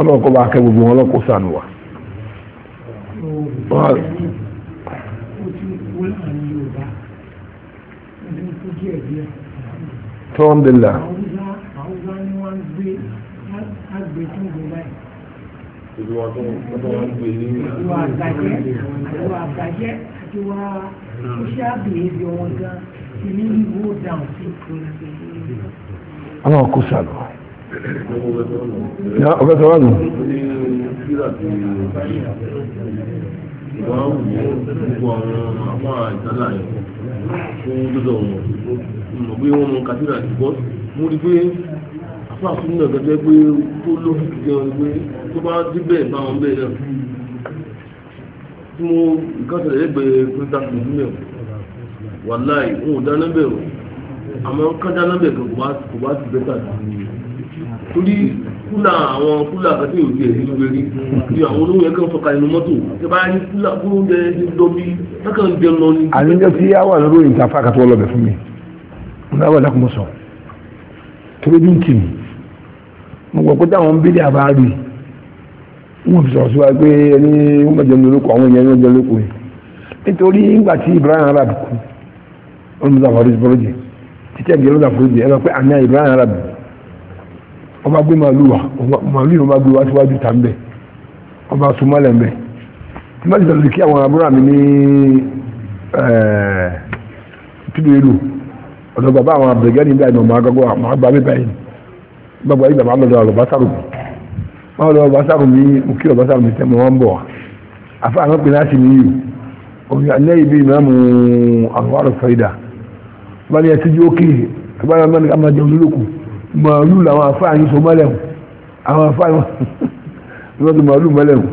ọlọ́ọ̀kọ́ bá kẹ́ gbogbo wọn lọ́kọ́ sànù wa. tọ́ndínlá. àwọn ọ̀gá ni wọ́n gbé ìlú wọn tó wọn gbé ní ìwà àgbàjẹ́ àtiwà àgbàjẹ́ àtiwà iṣẹ́ àbẹ̀yẹ̀bẹ̀ wọn gan ti ní ìwò dáhùn sí ìpínlẹ̀. àwọn kò sàlọ. ya ọ̀gá sọ wà nù. wọ́n wù ú gbogbo àwọn àpá ìtàlá yẹn fún gbọ́dọ̀ wọn mọ̀ pé wọ́n mọ kátìrà ṣùgbọ́n mo rí pé àfáà fún náà gẹ́gẹ́ pé tó lóhùn gan pé tó bá díbẹ̀ bá wọn bẹ́ẹ̀ náà tí mo nǹkan tẹ̀lé ẹgbẹ́ pínta kò fún mi wà láì n ò dáná bẹ̀ o àmọ́ kán dáná bẹ̀ kò bá ti bẹ́tà torí kúlà àwọn kúlà àkàtì òbí ẹ̀ nínú rẹ̀ rí ni àwọn olówó yẹn kàn fọkà inú mọ́tò tí bá ní kúlà kúrò ń jẹ ní lọ bí mo gbọ́ pé táwọn bídí àbá rí wọ́n fi sọ̀rọ̀ síwájú pé ẹni wọ́n mọ̀jọ lórúkọ àwọn èèyàn wọ́n jẹ lóko yìí nítorí nígbà tí Ibrahim Arab kú olùdó àforí bọ́lọ́jì títí ẹ̀gẹ́ olùdó àforí bọ́lọ́jì ẹ̀rọ pé àná Ibrahim Arab ọba gbé màlúù wa màlúù yìí ọba gbé wá síwájú tà ń bẹ̀ ọba súnmọ́lẹ̀ ń bẹ̀ tí má ti sọ̀rọ̀ kí àwọn àbúrò ní eh, tìlú ìlú ọ̀dọ̀ àwọn àbẹ̀gẹ́ níbi àìmọ̀ màá gbàgbọ́ àmọ́ àgbà gbogbo ayé bàbá àmàlà ọlọ́básàrù mi wọ́n lọ ọlọ́básàrù mi mo kí ọlọ́básàrù mi tẹ́ mọ́ wọ́n bọ̀ àfa àwọn pinna sì ní yìí òbí alẹ́yìn bíi mẹ́mú àwọn àrò fẹ́dà wọ́n ní ẹtí jókè agbára mẹ́rin ká máa jẹun lólókù màálù làwọn àfa àyìn so mọ́lẹ̀hùn àwọn àfa àyìn [LAUGHS] wọ́n ti màálù mọ́lẹ̀hùn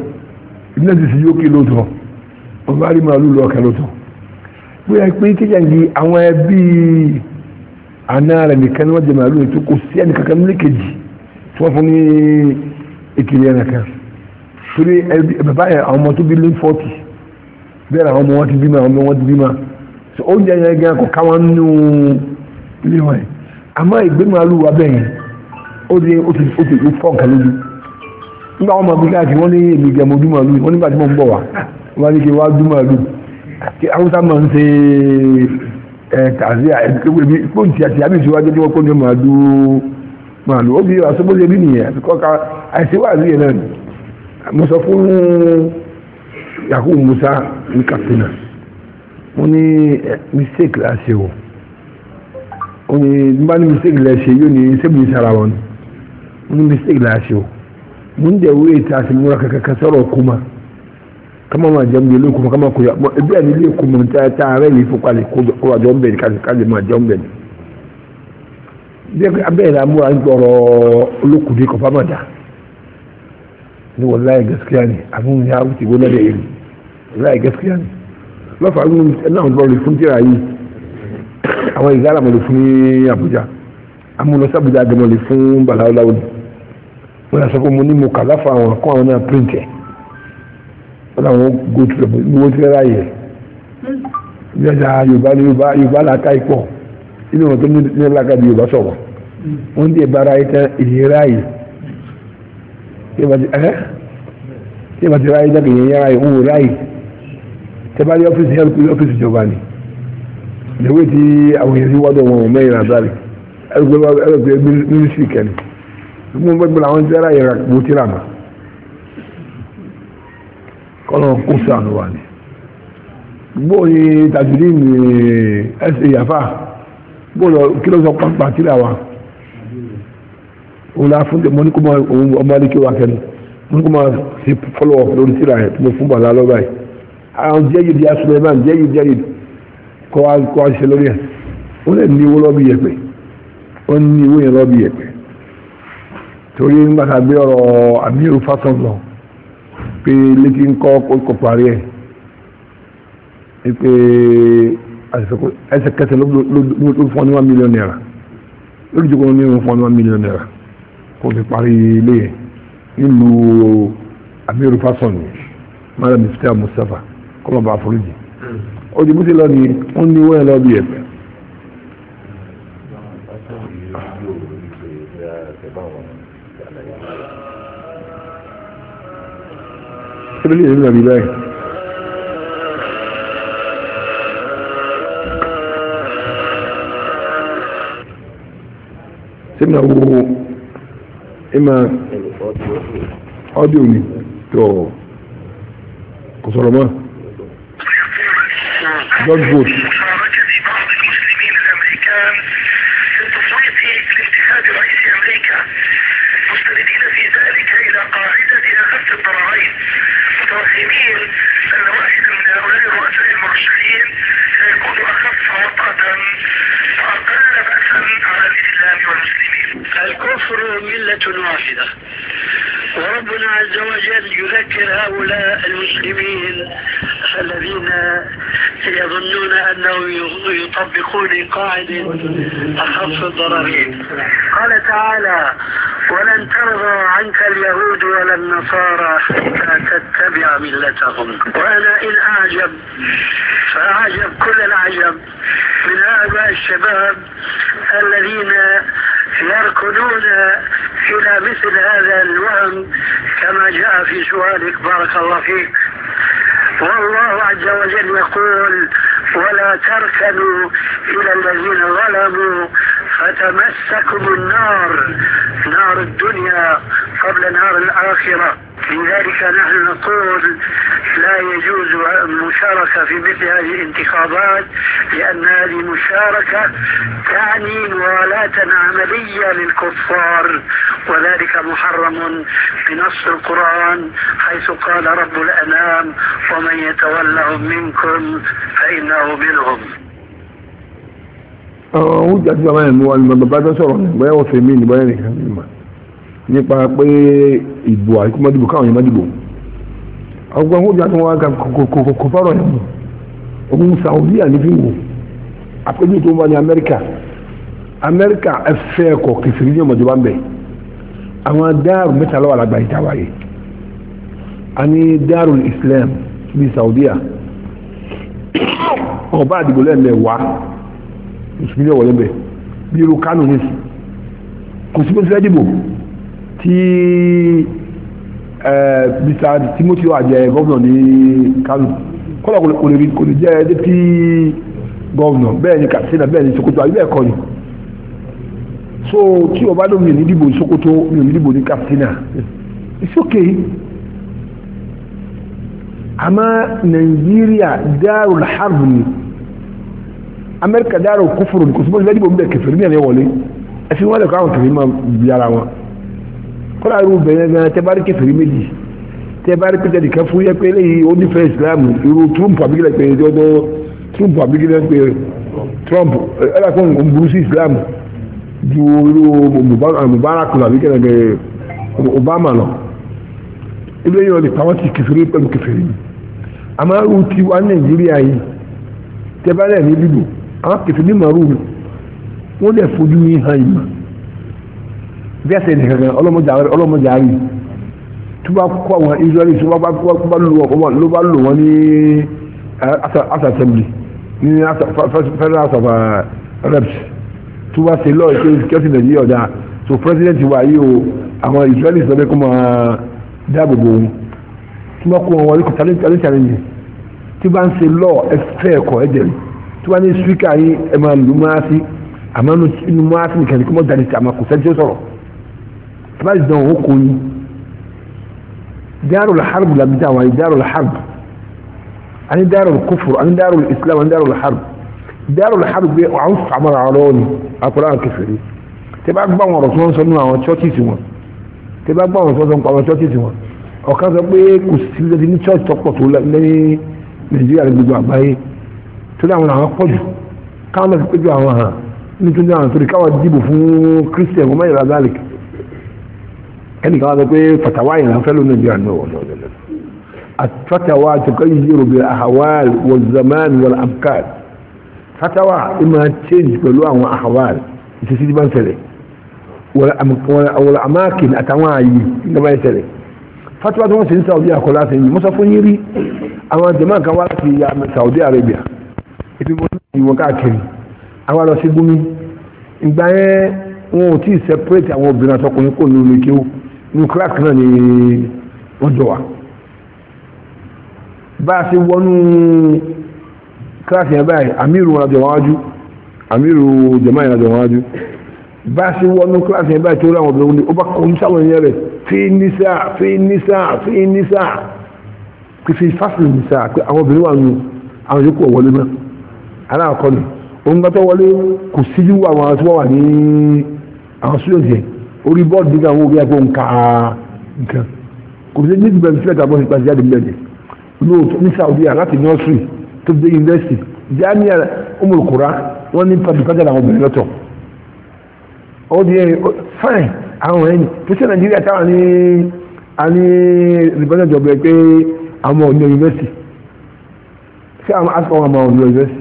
ìbílẹ̀ ti sì jókè lóòótọ́ wọ́n bá rí màálù lọ́ọ̀kẹ́ lóòótọ́ bóyá pé kíjà ń di àwọn ẹbí Ana rẹ̀ nìkan ni wọ́n jẹ màálù ètò kò sí ẹnì kankan ní kejì tí wọ́n fún ní ìkìlì ẹnì kan torí bàbá yẹn àwọn ọmọ tó bí lé fọ́ọ̀tì bẹ́ẹ̀ làwọn ọmọ wọn ti bímọ àwọn ọmọ wọn ti bímọ so oúnjẹ yẹn gan kò káwọn nínú ilé wọn yìí àmọ́ ìgbé màálù wa bẹ́ẹ̀ yẹn ó di ó ti ó ti ó fọ́ nǹkan lójú nígbà wọn máa bí káàkiri mo dún màálù wọn nígbà tí mo ń bọ̀ wá wọn ní kí wọn á dún màálù àwọn sábà máa ń tàzíà ẹgbẹ̀bí fóònù tí a ti àbí ìṣíwájú tí wọ́n kó ní máa dú máa lò ó bí àṣọ́bọ́sẹ̀ bí nìyẹn àtikọ́ ka àìsíwájú yẹn náà mo sọ fún Yakubu Musa ní Katsina mo ní mistake la ṣe o ó ní bá ní mistake la ṣe yóò ní sẹ́bùn ìṣara wọn mo ní mistake la ṣe o mo ń dẹ̀ wúrẹ́ ìta àti múra kankan sọ̀rọ̀ kó kama ma jẹun bi olókùn kama kò yà ebi àná ilé kùn mọ tá tá ara yìí fún kalẹ̀ kó wà jọ ń bẹ̀rẹ̀ kalẹ̀ kalẹ̀ ma jọ ń bẹ̀rẹ̀ bí abẹ́rẹ́ la múra ń tọrọ olókùn bí kọfà má dà ní wàláyé gaskiya ni àfún mi àwọn ti gbóná dẹ̀ yìí wàláyé gaskiya ni lọ́fà ń náà ń tọrọ fún tíra yìí àwọn ìgbà àlàmọ́ lè fún ní Abuja amúlọ́sí Abuja àgbẹ̀mọ́ lè fún balawulawo ni wọ́n yà sọ pé mo ní mo kà láfa àwọn akọ́ àwọn náà píríǹtì wọn làwọn go to the ní wọ́n ti rẹ́ ráyè ní ọjà yorùbá ní yorùbá yorùbá làákà ìpọ̀ nínú wọn tó ní làákà bí yorùbá sọ̀rọ̀ wọ́n dé bára yìí tán ìyẹn ráyè tí ìbá ti ráyè náà kì í yẹn ráyè ń wò ráyè tẹ́bá ní ọ́fíìsì help ní ọ́fíìsì ìjọba ni ìdẹ̀wé tí àwọn èèyàn ti wọ́dọ̀ wọn mẹ́rin àdáre ẹgbẹ́ mínísírì kẹ́ni gbogbo gbogbo àwọn ti ráyè rà kó tí ra náà kọ́lọ̀ kó sànù wà ní bóyí tàbílì ní ẹsẹ̀ ìyàfà bóyọ kí ló sọ pàpà tíra wa òun láà fún mọ́ ní kó máa ọmọ alẹ́ kí wà kẹ́nu mọ́ ní kó máa ṣe fọ́lọ̀ lórí tíra ẹ̀ mo fún bàlá lọ́ba yìí àwọn jẹ́yìí di asùnmọ́ ẹ̀ máa jẹ́yìí jẹ́yìí kọ́ wa kọ́ wa ṣe lórí ẹ̀ ó lè ní owó lọ́bì yẹ pé ó ní owó yẹn lọ́bì yẹ pé torí nígbà tá a gbé ọ̀rọ̀ àmì ìrù fásán lọ́wọ́ pé létí ń kọ́ kó parí ẹ̀ wípé ẹsẹ̀kẹsẹ̀ ló fún ọ ní one million naira lórí ìjókòó ní ìrún fún ọ ní one million naira kó fi parí ilé ẹ̀ nílùú amiru fason madam mr mustapha kọ́mọba àforíjì hmm. ó di bó ti lọ ní ó ní wọ́n yẹn lọ bí ẹ̀fẹ̀. الكفر إلا بالله سيدنا أبو إما أديوني تو قصر ما بجبوت رئيس امريكا مستندين في ذلك الى قاعدة اخذت الضرعين متوهمين أن واحد من هؤلاء الرؤساء المرشحين سيكون أخف وطأة وأقل بأسا على الإسلام والمسلمين الكفر ملة واحدة وربنا عز وجل يذكر هؤلاء المسلمين الذين يظنون أنهم يطبقون قاعدة أخف الضررين قال تعالى ولن ترضى عنك اليهود ولا النصارى حتى تتبع ملتهم وأنا إن أعجب فأعجب كل العجب من هؤلاء الشباب الذين يركضون إلى مثل هذا الوهم كما جاء في سؤالك بارك الله فيك والله عز وجل يقول ولا تركنوا إلى الذين ظلموا فتمسكم النار نار الدنيا قبل نار الآخرة لذلك نحن نقول لا يجوز المشاركة في مثل هذه الانتخابات لأن هذه مشاركة تعني موالاة عملية للكفار وذلك محرم بنص القرآن حيث قال رب الأنام ومن يتولهم منكم فإنه منهم àwọn oúnjẹ àti bàbá yẹn mú wa ní bàbá tó sọ̀rọ̀ ní bóyá wọ́n fẹ́ mí ní bóyá nìkan ní mà nípa pé ìbò àìkú mọ́dìbò káwọn yẹn mọ́dìbò ọgbọ́n oúnjẹ àti wọn kò fọ́rọ̀ yẹn mú ogun Saudi ànífín wò àpéjú tó ń bá ní Amẹ́ríkà Amẹ́ríkà ẹfẹ́ ẹ̀kọ́ kìsìrì ní ọmọdébà ń bẹ̀ àwọn dáàrú mẹ́ta lọ́wọ́ àlágbà yìí táwa yìí a ní dáàrú Islam bíi Saudi ọba àdìgbò mùsùlùmí yóò wọlé bẹ̀ bí irú kánò ní sí kò sí bó ti fẹ́ dìbò tí Mr. Timothy yóò àjẹ gọ́vnà ní kánò kọ́lá kò lè jẹ́ dẹ́pítì gọ́vnà bẹ́ẹ̀ ni Katsina bẹ́ẹ̀ ni Sokoto àbí bẹ́ẹ̀ kọ́ ni so tí o bá lóun mi ní dìbò Sokoto mi ò ní dìbò ní Katsina it's okay àmọ́ Nàìjíríà dárò làhàbù ni amẹ́ríkà dáàrọ̀ kúfùrù kò sí mọ́lẹ́dìbò ń bẹ̀ kẹfìrí ní ẹ̀rẹ́ wọlé ẹ̀sìn wọn lè kọ́ àwọn kẹfìrí máa bí ara wọn kọ́lá irú bẹ̀rẹ̀ gan tẹ́ bá rí kẹfìrí méjì tẹ́ bá rí pété nìkan fún yẹ pé eléyìí ó Islam irú Trump abigilẹ̀ pé ọdọ Trump abigilẹ̀ pé Trump ẹ̀rọ kó ń burú Islam ju irú Mubarak ah, lọ abigilẹ̀ pé Obama lọ ilé yìí wọn lè pa wọn ti kẹfìrí pẹ̀lú kẹfìrí àmọ́ irú tiwa Nàìjíríà yìí tẹ́ bá rẹ̀ ní bíbù àwọn kẹfì ní màrú wọn lè fojú yín hàn yìí bí ẹsẹ̀ nìkan kan ọlọ́mọdé àárí tó bá kó àwọn israeli tó bá lò wọ́n ní asa assembly ní federal house of uh, reps tó bá ṣe lọ́ọ̀ ìṣe kẹ́sì nàìjíríà ọ̀dà so president wa yìí o àwọn israeli sọ pé kó máa dáàbò bò wọn tó bá kó wọn wọlé kó tálẹ́ tálẹ́ tálẹ́ yìí tí bá ń ṣe lọ́ọ̀ ẹ̀fẹ́ ẹ̀kọ́ ẹ̀jẹ̀ rẹ̀ tí wọ́n ní spika yìí ẹ máa lù máa sí àmọ́ inú máa sí nìkan ní kí wọ́n jáde sí àmọ́ kò sẹ́ni tí ó sọ̀rọ̀ tí wọ́n ti dán òun kò yín dárò làhárùbù làbí dáwà yìí dárò làhárùbù àní dárò kófòrò àní dárò islam àní dárò làhárùbù dárò làhárùbù pé àwọn fàmọ́ àwọn ọ̀rọ̀ ni àkùrọ̀ àwọn kẹfẹ́rẹ́ tẹ bá gbọ́ àwọn ọ̀rọ̀ tí wọ́n sọ nínú àwọn churches wọn tẹ bá gbọ́ àwọn ọ̀rọ̀ tí wọ́n sọ nínú àwọn churches wọn ọ̀kan sọ pé kò sí ní church tọ́pọ̀ tó lẹ́yìn nàìjíríà gbogbo àgbáyé torí àwọn àwọn pọ̀jù káwọn náà ti péjú àwọn hàn nítorí àwọn torí káwọn dìbò fún Christian wọn mẹ́rin lazalik ẹnì kan wá sọ pé fatawa yìí náà fẹ́lú Nàìjíríà náà wọ̀ lọ́dọ̀ lọ́dọ̀ àtúfàtàwà àtúkọ́ yìí rò bí ahawal wọ zaman wọ afghan fatawa ẹ máa change pẹ̀lú àwọn ahawal ìṣesí ti bá ń ṣẹlẹ̀ wọ amákin àtàwọn ààyè ìjọba ẹ̀ ṣẹlẹ̀ fatawa tí wọ́n ṣe ń Saudi akọ́lá sẹ́yìn mọ́sá rí àwọn jẹ̀mọ́ kan wá láti Saudi Arabia ètò ìbò ìwọ̀n káàkiri àwa lọ sí gúnmi ìgbà yẹn wọn ò tí ì separate àwọn obìnrin àtọkùnrin kò lóore kí ó ní clark náà ni wọ́n jọ wà bá a ṣe wọnú clark yẹn báyìí amiru wọn àjọ wájú amiru jama yẹn àjọ wájú bá a ṣe wọnú clark yẹn báyìí tó rí àwọn obìnrin ó bá kọjú sáwọn yẹn rẹ̀ fi nísà fi nísà fi nísà kìfì fásitì nísà pé àwọn obìnrin wà nù àwọn yòókù ọ̀wọ́lé náà. Ala ni òun gbọ́ tó wọlé kò síjú àwọn tí wọ́n wà ní àwọn student yẹn orí bọ́ọ̀dù nígbà wọn òbí ẹ̀kọ́ nǹka nǹkan kò sí níbi bẹ̀rẹ̀ sílẹ̀ tàbí ìpàdé jáde mẹ́rin lóòótọ́ ní Saudi láti nursery tó dé university jami'a Ummul Qura wọ́n ní pàdùkàjà làwọn obìnrin lọ́tọ̀ ó di ẹ̀ fine àwọn ẹni tó ṣe Nàìjíríà táwọn ní a ní rìpọ́tà jọ̀bẹ̀ pé àwọn ọ̀nà university ṣé àwọn asọ̀ àwọn ọ̀nà university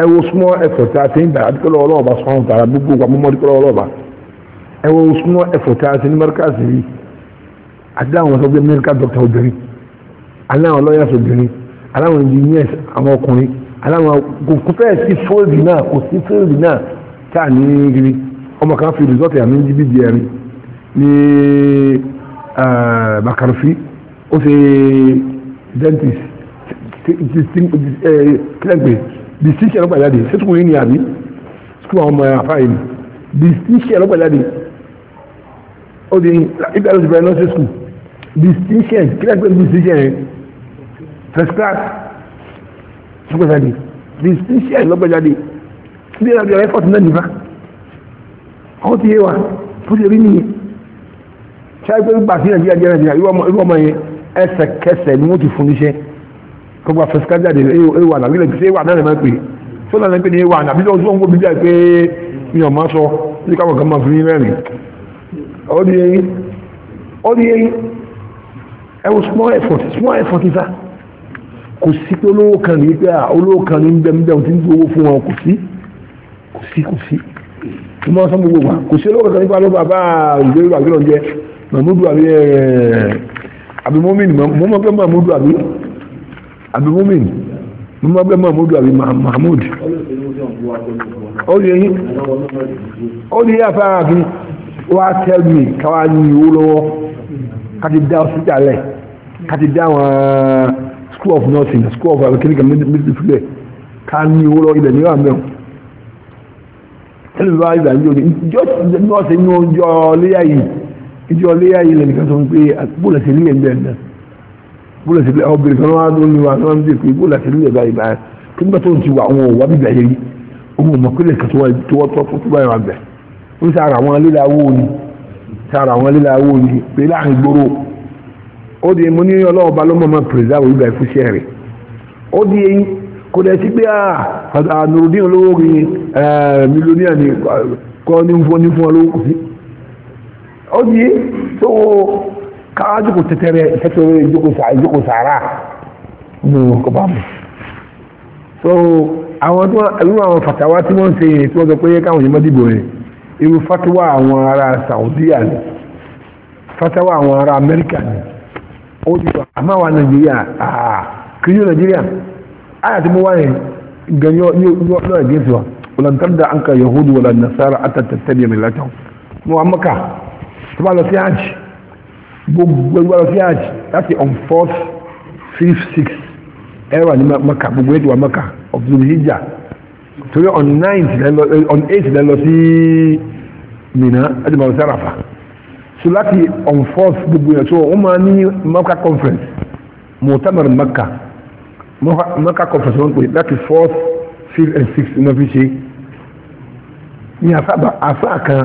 ẹ wo small effort tá a ti ń bẹ̀rẹ̀ adúgbò ọlọ́ọ̀bà sọ̀rọ̀ tààrà gbogbo wa mọ́mọ́ adúgbò ọlọ́ọ̀bà ẹ wo small effort tá a ti ní mẹ́ríkàsì yìí àti àwọn ọ̀sọ́gbẹ́ mẹ́ríkà dọ́kítà obìnrin aláwọn lọ́yàsì obìnrin aláwọn engineers àwọn ọkùnrin aláwọn kò fẹ́ẹ̀ sí fóòlì náà kò sí fóòlì náà tá a ní kiri ọmọ kan fi rìsọ́ọ̀tì àmì ń jíbi jẹrin ní Bakarfi ó ṣe dentist kílẹ̀ pé bí sí ìṣẹ̀lọ́gbà jáde sẹ́tùkù yìí ni àbí sùkú àwọn ọmọ àfá yìí bí sí ìṣẹ̀lọ́gbà jáde ó di ìgbà lóṣù bẹ̀rẹ̀ nọ́ọ̀sì sùkú bí sí ìṣẹ̀ kílẹ̀ pé bí sí ìṣẹ̀ yẹn first class sùkú jáde bí sí ìṣẹ̀lọ́gbà jáde bí ẹ̀rọ ẹ̀rọ ẹ̀fọ́tún náà nìfà ó ti yé wa ó ti rí nìyẹn ṣáà pé gbà sí nàìjíríà jẹ́ nàìjíríà irú ọmọ yẹn ẹsẹ̀kẹsẹ̀ ni wọ́n ti fún níṣẹ́ kó bá fẹsẹ̀ kájáde ewa náà wílẹ̀ ṣé ewa náà lè máa pè fúnà lè pè ní ewa náà bí lọ́wọ́ tí wọ́n ń gbóbi jáde pé mi ò máa sọ bí káwọn kan máa fi yín rẹ́rìn ó di eyín ó di eyín ẹ wo small effort small effort ìta kò sí pé olówó kan ní pé ah, olówó kan ní o tí ń gbowó fún wọn kò sí kò sí kò sí tí wọ́n sọ gbogbo wa kò sí olówó kan nípa ló bàbá ìgbéró àgbélọ̀ jẹ mahmudu àbí ẹ̀ eh, àbí mọ́mìn mọ́mọ́ pé mahmudu àbí àbí mumin mo máa bẹ mahmud àbí mahmud ó lè yín ó lè yá afárá kí wá tell me káwá ní ìwó lọ́wọ́ ká ti dá ọsítà lẹ̀ ká ti dá àwọn uh, school of nursing school of uh, clinical medicine ká ní ìwó lọ́wọ́ ibẹ̀ ní wà mẹ́wọ̀n ẹlẹ́nu bá ìgbà ní òní ìjọ nọ́ọ̀sì inú ọjọ́ léyà yìí ìjọ léyà yìí lẹ́nìkan sọ pé bóòlù ẹ̀sẹ̀ nílẹ̀ ń bẹ̀rẹ̀ náà bóòlù sí obìnrin kan wá ló ní wa ní wọn dé pé bóòlù àti ìlú ẹ̀bá ìbá kí nígbà tó ń ti wà àwọn òwà bíbí ayé rí ohun ọmọkúnlẹ̀ kan tó wọ́n tó wọ́n tó báyìí wọn bẹ̀ ó sì ara àwọn líla owó ni sí ara àwọn líla owó ni pé láàrin gbòòrò ó di mo ní ọlọ́wọ́ ba lọ́mọ máa pèsè àwọn ìgbà ìfú sẹ́ẹ̀ rẹ̀ ó di eyín kò dẹ̀ sí pé ànùrùdín ah, olówó rí mílíọ̀nìyà ni eh, kọ́ ní fún ọ lówó kù sí ó di eyín tó káwá jókòó tẹ́tẹ́rẹ́ tẹ́tẹ́rẹ́ jókòó sàárà ní kò bá mu so àwọn tó irú àwọn fatawa tí wọ́n ń ṣe yẹn tí wọ́n sọ pé káwọn yẹn mọ́dìbò yẹn irú fatawa àwọn ará Saudiya ni fatawa àwọn ará Amẹ́ríkà ni ó ti sọ àmọ́ àwọn Nàìjíríà kìí yóò Nàìjíríà ayà tí mo wá yẹn gan yọ lọ́ọ̀ gẹ̀ẹ́sì wa ọ̀làǹtàrà dà ánkà Yahudu wọ̀là Nasara àtàtàtàbí ẹ̀mí látọ̀ mo wà Mọ́kà tó bá lọ sí àjì gbogbo ẹgbẹ́ lọ sí àjì láti on fourth fifth sixth ẹwà ní maka gbogbo ètò wa maka of the hijja torí on ninth on eighth, lẹ́ lọ sí Mina ẹ̀dùn bàbá sáràfà so láti on fourth gbogbo yẹn so wọ́n máa ní maka conference mu'tamar maka maka conference wọn pè láti fourth fifth and sixth ní wọ́n fi ṣe ní àfáà kan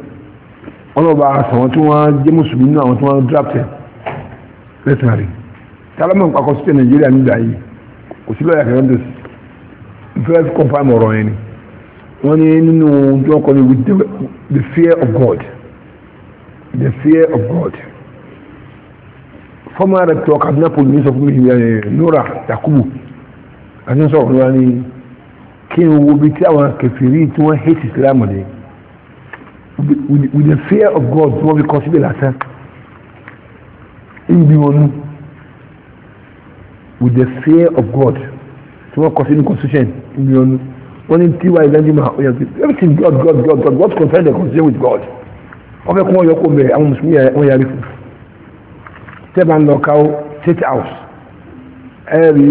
ọlọ́ba àtàwọn tí wọ́n jẹ́ mùsùlùmí náà àwọn tí wọ́n draft lẹ́tàrí tálámà ń pakọ́ sílẹ̀ nàìjíríà nígbà yìí kò sí lọ́ọ̀yà kẹrẹ́ndé first confirm ọ̀rọ̀ yẹn ni wọ́n ní nínú tí wọ́n kọ́ ni with the, the fear of God the fear of God former rector kaduna police ní sọ fún mi ìyẹn nura yakubu àti sọ̀rọ̀ wọn ni kí n wo bi tí àwọn kẹfìrí tí wọ́n hate islam ni with, with the fear of God what we consider as lásán ìgbì wọn with the fear of God tí wọ́n kọ́ sínú constitution ìgbì wọn nù wọ́n ní tí wàá ìdájú máa everything God God God God What concern the constitution with God wọ́n fẹ́ kó wọ́n yọ kó mẹ́rẹ̀ àwọn mùsùlùmí wọ́n yàrá fún tẹ́ bá ń lọ káwọ́ state house ẹ̀rí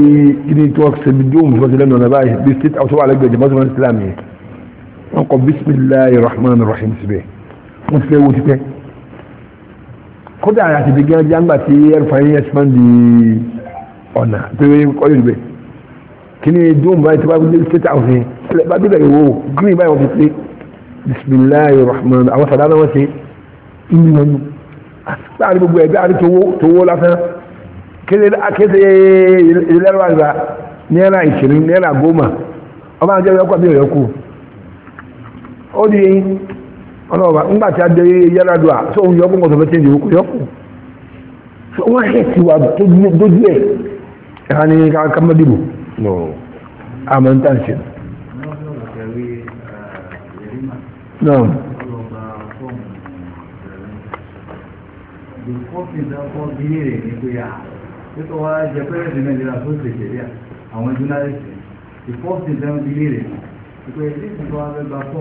kí ni tí wọ́n ṣe bí dóòmù tí wọ́n ti lẹ́nu ọ̀nà báyìí bí state house wà lẹ́gbẹ̀ẹ́ Islam yẹn wọ́n kọ bisimilahi rahman rahim síbẹ̀ wọ́n ti fẹ́ wo ti pẹ́ kódà àti bí gẹ́gẹ́ jàǹgbà tí ẹrùfà yẹn yẹn sùpá di ọ̀nà tó yẹ kọ́ yóò gbẹ kí ni dùn báyìí tó bá gbé state house yẹn tẹlẹ bá bíbẹ̀ ìwò green báyìí wọ́n ti pé bisimilahi rahman àwọn sàdánà wọn ṣe inú wọn nù láàrin gbogbo ẹgbẹ́ àti towó towó lásán kéde ìlẹ́rọ̀ àgbà náírà ìṣèlú náírà gómà ọba àjẹwò ẹ̀kọ́ àbí ọ̀yọ́kù ó di ọlọ́ọ̀bá ńgbà tí a dé yálàdùà tó ń yọkùn kọ̀tọ̀ fẹ́ tẹ́jì òkú yọkùn wọ́n ṣe ti wà dójú ẹ̀ ẹ̀ka ní ká mọ́ dìbò àmọ́ ń tàn ṣe. náà kọ́pì dákọ́ bí èrè ní pé à pẹ́tọ́ wá jẹ pẹ́rẹ́sì nàìjíríà tó ṣe ṣẹlẹ̀ àwọn júnálẹ̀sì ìfọ́ọ̀sì dákọ́ bí èrè ní pé ní ìfọ́ọ̀sì dákọ́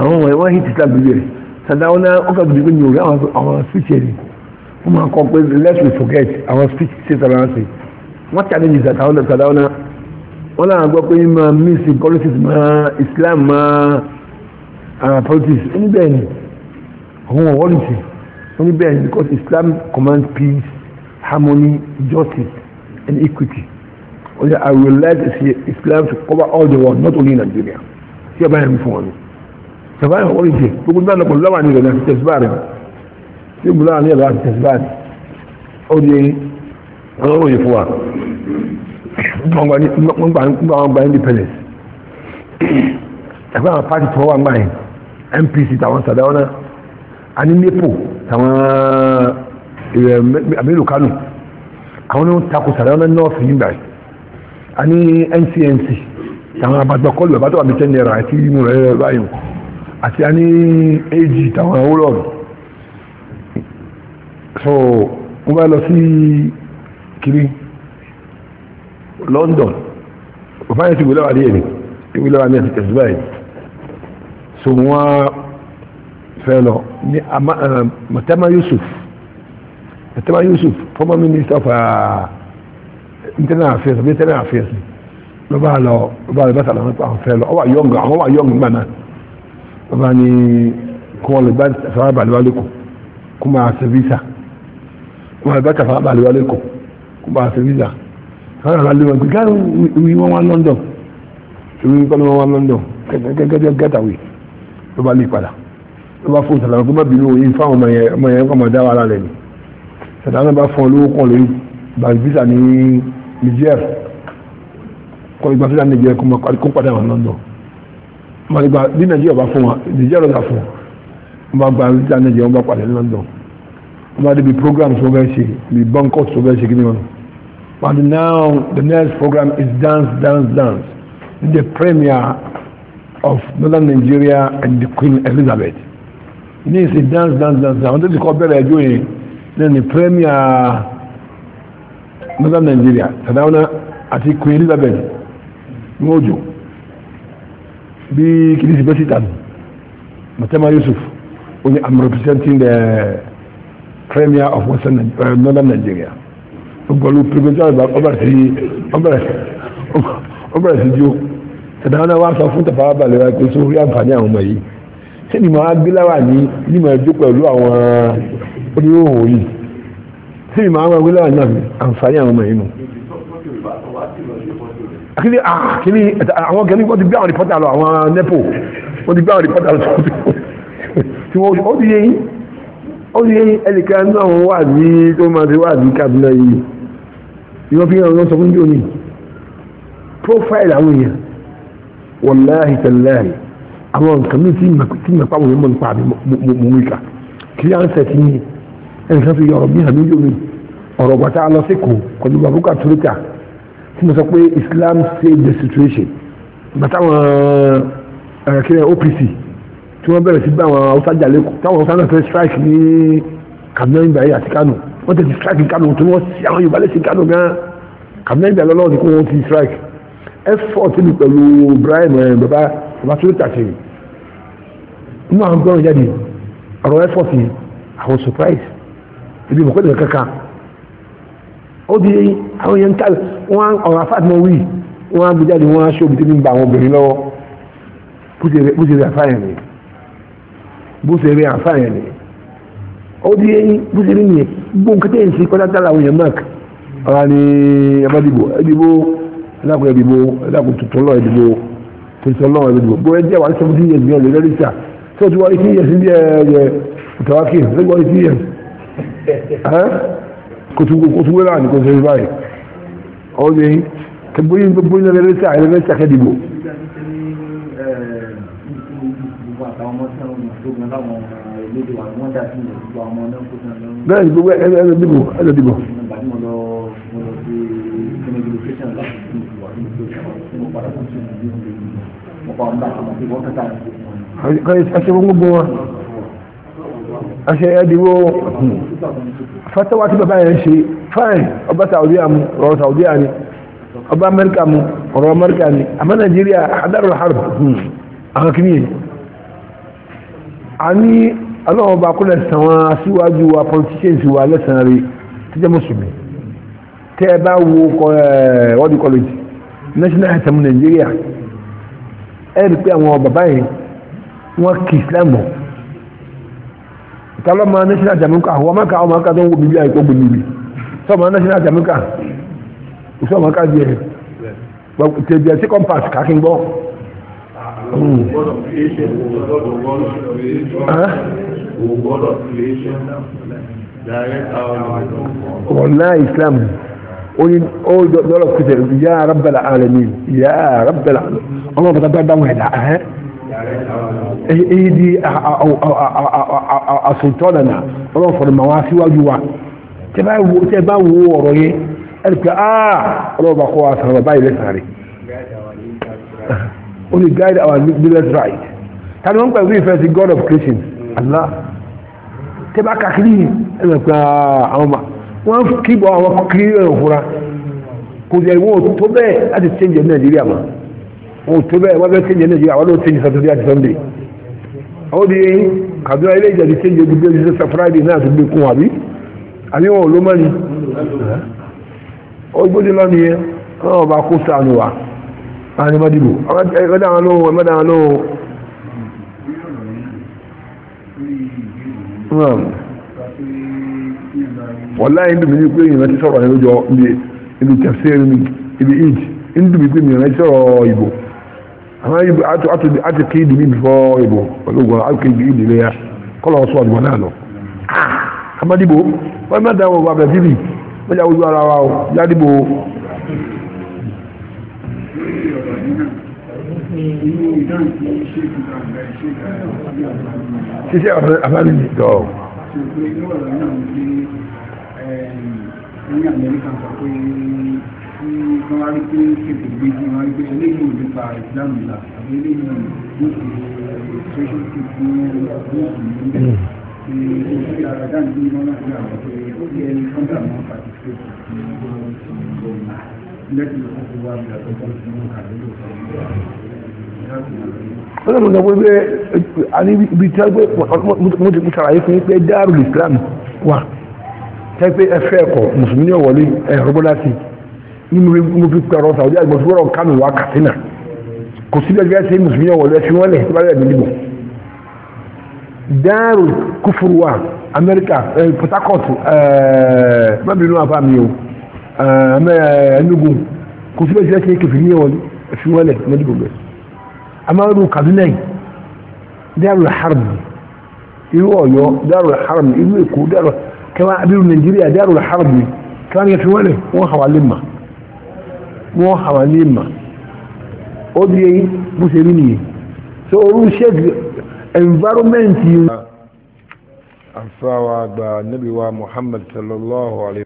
àwọn ọmọ ẹ̀wọ́n hìtì tàbí rẹ̀ sàdáwọn náà ó kàtó dìgbò yòrò àwọn speech ẹ̀rí wọ́n máa kọ́ pé let's we forget our speech ṣe tàbí wọ́n ṣe wọ́n challenge sàdáwọn náà sàdáwọn náà wọ́n náà gbọ́ pé máa miss politics máa Islam máa ah, politics ẹni bẹ́ẹ̀ ni àwọn ọ̀wọ́ lè ṣe ẹni bẹ́ẹ̀ ni because Islam commands peace harmony justice and equity I will like Islam to cover all the world not only Nigeria ṣé ẹ bá yẹn fún wọn ni bàbá yẹn wọ́n jẹ gbogbo náà lọ pẹ̀lú láwọn àníyàn náà fi tẹ̀síbà rẹ̀ sí ìgbìmọ̀ láwọn àníyàn náà fi tẹ̀síbà rẹ̀ ó di ọlọ́run yìí fún wa wọ́n gba àwọn gba independence ẹgbẹ́ àwọn party tí wọ́n wà ń gbà yẹn NPC tàwọn sàdáwọn náà a ní nepo tàwọn eh, amílù kánò àwọn náà takò sàdáwọn náà north nígbà yìí a ní NCNC tàwọn abagbakọ́lù bàbá tó wà mí tẹ́ náírà àti ìmú rẹ̀ báyìí àti a ní èjì táwọn ewúrọ̀ so wọ́n bá lọ sí kiri London òfin àti ìwé lọ́wọ́ àdéhìn ìwé lọ́wọ́ àmì àti tẹ̀síwáyé so wọ́n fẹ́ lọ ní Matama eh, Yusuf Matama Yusuf former minister of uh, internal affairs internal affairs ló bá lọ ló bá lọ bá sàlọ́ nípa àwọn fẹ́ lọ ọwọ́ àyọ̀ngàn àwọn àyọ̀ngàn gbà náà bàbá ni kọ́ọ̀lù bá sàrà bàlúwà lẹ́kọ̀ọ́ kó máa ṣe visa kọ́ọ̀lù bá sàrà bàlúwà lẹ́kọ̀ọ́ kó máa ṣe visa sàrà bàlúwà lẹ́kọ̀ọ́ gáà ìwé wọn wá London ìwé wọn wá London gẹ́gẹ́ gẹ́tàwé ló bá lè padà ló bá fún sàlámà kó má bínú òye o ọmọ yẹn kọ́ máa dá wàhálà rẹ̀ ni sàlámà bá fún ọ lówó kọ́ lórí bàbá visa ní Niger kọ́ ìgbà visa ní Niger kó padà wà London mọ̀lẹ́gbà bí nàìjíríà bá fún wa nàìjíríà lọ́dà fún wọn bá gba visa nàìjíríà wọn bá London wọn bá programs wọn bẹ́ẹ̀ ṣe bí banquet wọn bẹ́ẹ̀ ṣe kí ni wọn. but now the next program is dance dance dance the premier of northern Nigeria and the Queen Elizabeth ní ìsè dance dance dance àwọn tó ti kọ́ bẹ̀rẹ̀ ẹjọ́ yẹn ní ní premier northern Nigeria Sardauna àti Queen Elizabeth ní wọ́n bí kìdí ti bẹ́ síta matama yusuf ó ní i'm representing the premier of western uh, northern nigeria ó gbọ́dọ̀ pírẹ́sìdẹ́ntì ọba ọba rẹ̀ sí ọba rẹ̀ ọba rẹ̀ sí jó tẹ̀dáwọn náà wá sọ fún tàfà balẹ̀ wa pé sórí àǹfààní àwọn ọmọ yìí ṣé ni màá gbé láwà ní ní màá jó pẹ̀lú àwọn oníhòòhò yìí ṣé ni màá gbé láwà ní àǹfààní àwọn ọmọ yìí nù akíní ah, àkíní àwọn gẹ̀ẹ́lì wọ́n ti gbé àwọn rìpọ́tà lọ àwọn nepo wọ́n ti gbé àwọn rìpọ́tà lọ tí wọ́n ó ti yé yín ó ti yé yín ẹnìkan náà wọ́n wà ní tó máa ti wà ní Kaduna yìí ìwọ́n fi hàn wọ́n fún jù ní profile àwọn èèyàn wàláhì tàláhì àwọn nǹkan mi ti mọ̀ pàwọn èèyàn mọ̀ nípa mi mọ̀ mú ìka kí á ń sẹ̀ sí ẹnìkan fi ọ̀rọ̀ bí hàn mí jù ní ọ̀rọ̀ bàtà lọ sí kò kọjú bàbúkà turíta tí mo sọ pé Islam save the situation bàtà wọn ẹ̀rẹ̀kẹ́ eh, OPC tí wọ́n bẹ̀rẹ̀ sí bá àwọn Hausa jà lẹ́kọ̀ọ́ táwọn Hausa náà fẹ́ strike ní Kaduna ìgbà yìí àti Kano wọ́n tẹ̀sí strike ní Kano tí wọ́n sí àwọn Yorùbá lẹ́sìn Kano gan Kaduna ìgbà lọ́lọ́ ni kí wọ́n ti strike effort mi pẹ̀lú Ibrahim eh, bàbá bàbá tó tà sí inú àwọn gbọ́n jáde ọ̀rọ̀ effort yìí àwọn surprise ibi ìmọ̀kọ́ ó di àwọn èèyàn tàbí wọ́n ọ̀rọ̀ afáàtìmọ̀ wí wọ́n á gbé jáde wọ́n á ṣe òbí tí ń ba àwọn obìnrin lọ́wọ́ bó ṣe rí àfáàyàn ni bó ṣe rí àfáàyàn ni ó di bó ṣe rí nìyẹn gbogbo nǹkan tẹ̀ ń ṣe kọ́dá dára àwọn èèyàn mark ọ̀rọ̀ ni ẹbá dìbò ẹdìbò ẹdàkùn ẹdìbò ẹdàkùn tuntun lọ ẹdìbò tuntun lọ ẹdìbò bó ẹjẹ wà ní seventeen years beyond the register so ti wọ́n kòtùwé láàrin kò sẹ́yìn báyìí ọdún yìí tẹgbóyìn gbogbo iná lẹ́lẹ́sẹ̀ àìlẹ́lẹ́sẹ̀ àkẹ́dìbò bẹ́ẹ̀ gbogbo ẹlẹ́dìbò ẹlẹ́dìbò Aṣe gbogbo wọn, aṣe ẹdìbò fata wata bàbá yẹn ṣe fine ọba saudi àmú mu saudi àní ọba amẹ́ríkà mú amerika amẹ́ríkà ní àmọ́ nàìjíríà adarul harb hmm. àwọn kìíní yẹn a ní ọlọ́wọ́ bá kúlẹ̀ sàwọn síwájú wa politicians wa lẹ́sàn-án rí tí jẹ́ mùsùlùmí tẹ́ ẹ bá wo wadi college national anthem nàìjíríà ẹ̀ rí pé àwọn bàbá yẹn wọ́n islam kálọ́ máa national jamaica àwọn amáka àwọn amáka tó ń wo bíbí àìkó gbèmìbì sọ́mọ national jamaica sọ́mọ ká jẹ tẹ̀bí ẹ̀sí compass kákin gbọ́. ọ̀nà islam oyin oh, o dọ́lọ̀ kìtẹ̀ yà rabbal alamin yà rabbal alamin ọmọ bàtà bá dáwọn ẹ̀dá ẹ̀hẹ́ èyí di àsòtọ́lẹ̀nà ọlọ́run fọ̀rọ̀ màá síwájú wa tẹ́ bá wo ọ̀rọ̀ yẹ ẹni pé áà ọlọ́run bá kọ́ wa sọ̀rọ̀ báyìí lẹ́sàn rẹ̀ ó ní guide our leaders right tani wọ́n pẹ̀lú ìfẹ́ sí God of creation Allah tẹ́ bá kakiri ẹni pé àwọn ọmọ wọ́n kíbọ̀ àwọn kiri ẹ̀rọ fúra kò jẹ́ ìwọ̀n tó bẹ́ẹ̀ láti change Nàìjíríà mọ́ wọn tó bẹ́ẹ̀ wọ́n fẹ́ kéde ilé yìí àwọn ló tẹ́jú sátidé àti sọ́ndé àwọn di àdúrà ilé ìjàdí tẹ́jú gbogbo ẹni sẹ́sà friday náà tó gbé kún àbí àbí wọn ò ló mọ́ni ó gbódé lọ́nu yẹn wọn ò bá kó sànù wa àwọn ni wọ́n dìbò ẹ̀mẹ́dà wọn lóhùn ẹ̀mẹ́dà wọn lóhùn. Hmm. wọ́n láyé ń ní pé ìrìnà sọ̀rọ̀ ẹ̀ lójọ ibi tẹ̀síẹ̀ ibi ìd ń pé ìrìnà sọ̀rọ̀ ìbò àwọn ibi àti kéèdì mi bìfọ́ ìbò pẹ̀lú ògùn àti kéèdì kọ́lọ̀ ọ̀ṣọ́ àdìbò náà lọ. àmàdìbò ah, wọ́n má dáwọ́ ọgbà abẹ́ tv wọ́n yà wọ́n yọ ara wa o yàdìbò. ṣíṣe àfáàní ni tọ́. ṣùgbọ́n ìlú ọ̀rọ̀ náà ń gbé ẹ̀yìn Amẹ́ríkà sọ pé tí wọ́n wá rí pé kéèkì gbé ní wọ́n rí pé eléyìí ò nípa ìsìlámù ìlà àbí eléyìí ò ní eh, hmm. ti ṣẹ́ṣẹ́ sí fún ọ̀gbọ́n ìlú ṣe oṣù yàrá dáhùn bí wọ́n láti rà wọ́n pé ó yẹ ẹni tó ń dà mọ́ pàtìkì lẹ́tì ìfọ̀kù wa bí àtọ́kọ́ sí mú kàdúrà wọ́n lọ́mọ sọ pé a ní ibi tí mo ti ṣàlàyé fún pé dáàrú Islam wà tẹ́ pé ẹ fẹ́ ẹ̀kọ́ mùsùlùmí ọ̀wọ́lé ẹ̀rọ bọ́lá sí i mo fi kọrọ sàwùdí àti mọ̀tò wọ́rọ̀ kánò wá kàtínà kò sí bẹ́ẹ̀ gẹ́gẹ́ sí mùsùlùmí náà wọlé ẹ̀sìn wọn lè bá rẹ̀ nídìbò dáàrò kúfúrú wa amẹ́ríkà Port Harcourt mẹ́bìnrin náà fáàmì o Enugu kò sí bẹ́ẹ̀ gẹ́gẹ́ sí kẹfì ní wọn ẹ̀sìn wọn lè nídìbò bẹ́ẹ̀ amẹ́rù Kaduna yìí dáàrò harb irú Ọ̀yọ́ dáàrò harb irú Èkó dáàrò kẹwàá abirù Nàìjíríà dáàrò harb kẹwàá ní ẹ̀sìn wọn lè wọ́n hàwá lè máa wọ́n hàwà ní ìmọ̀ ó di eyín bó ṣe rí nìyí so orú ṣẹ́ẹ̀kì environment yìí. àfáwà àgbà nabi wa muhammad sallallahu alayhi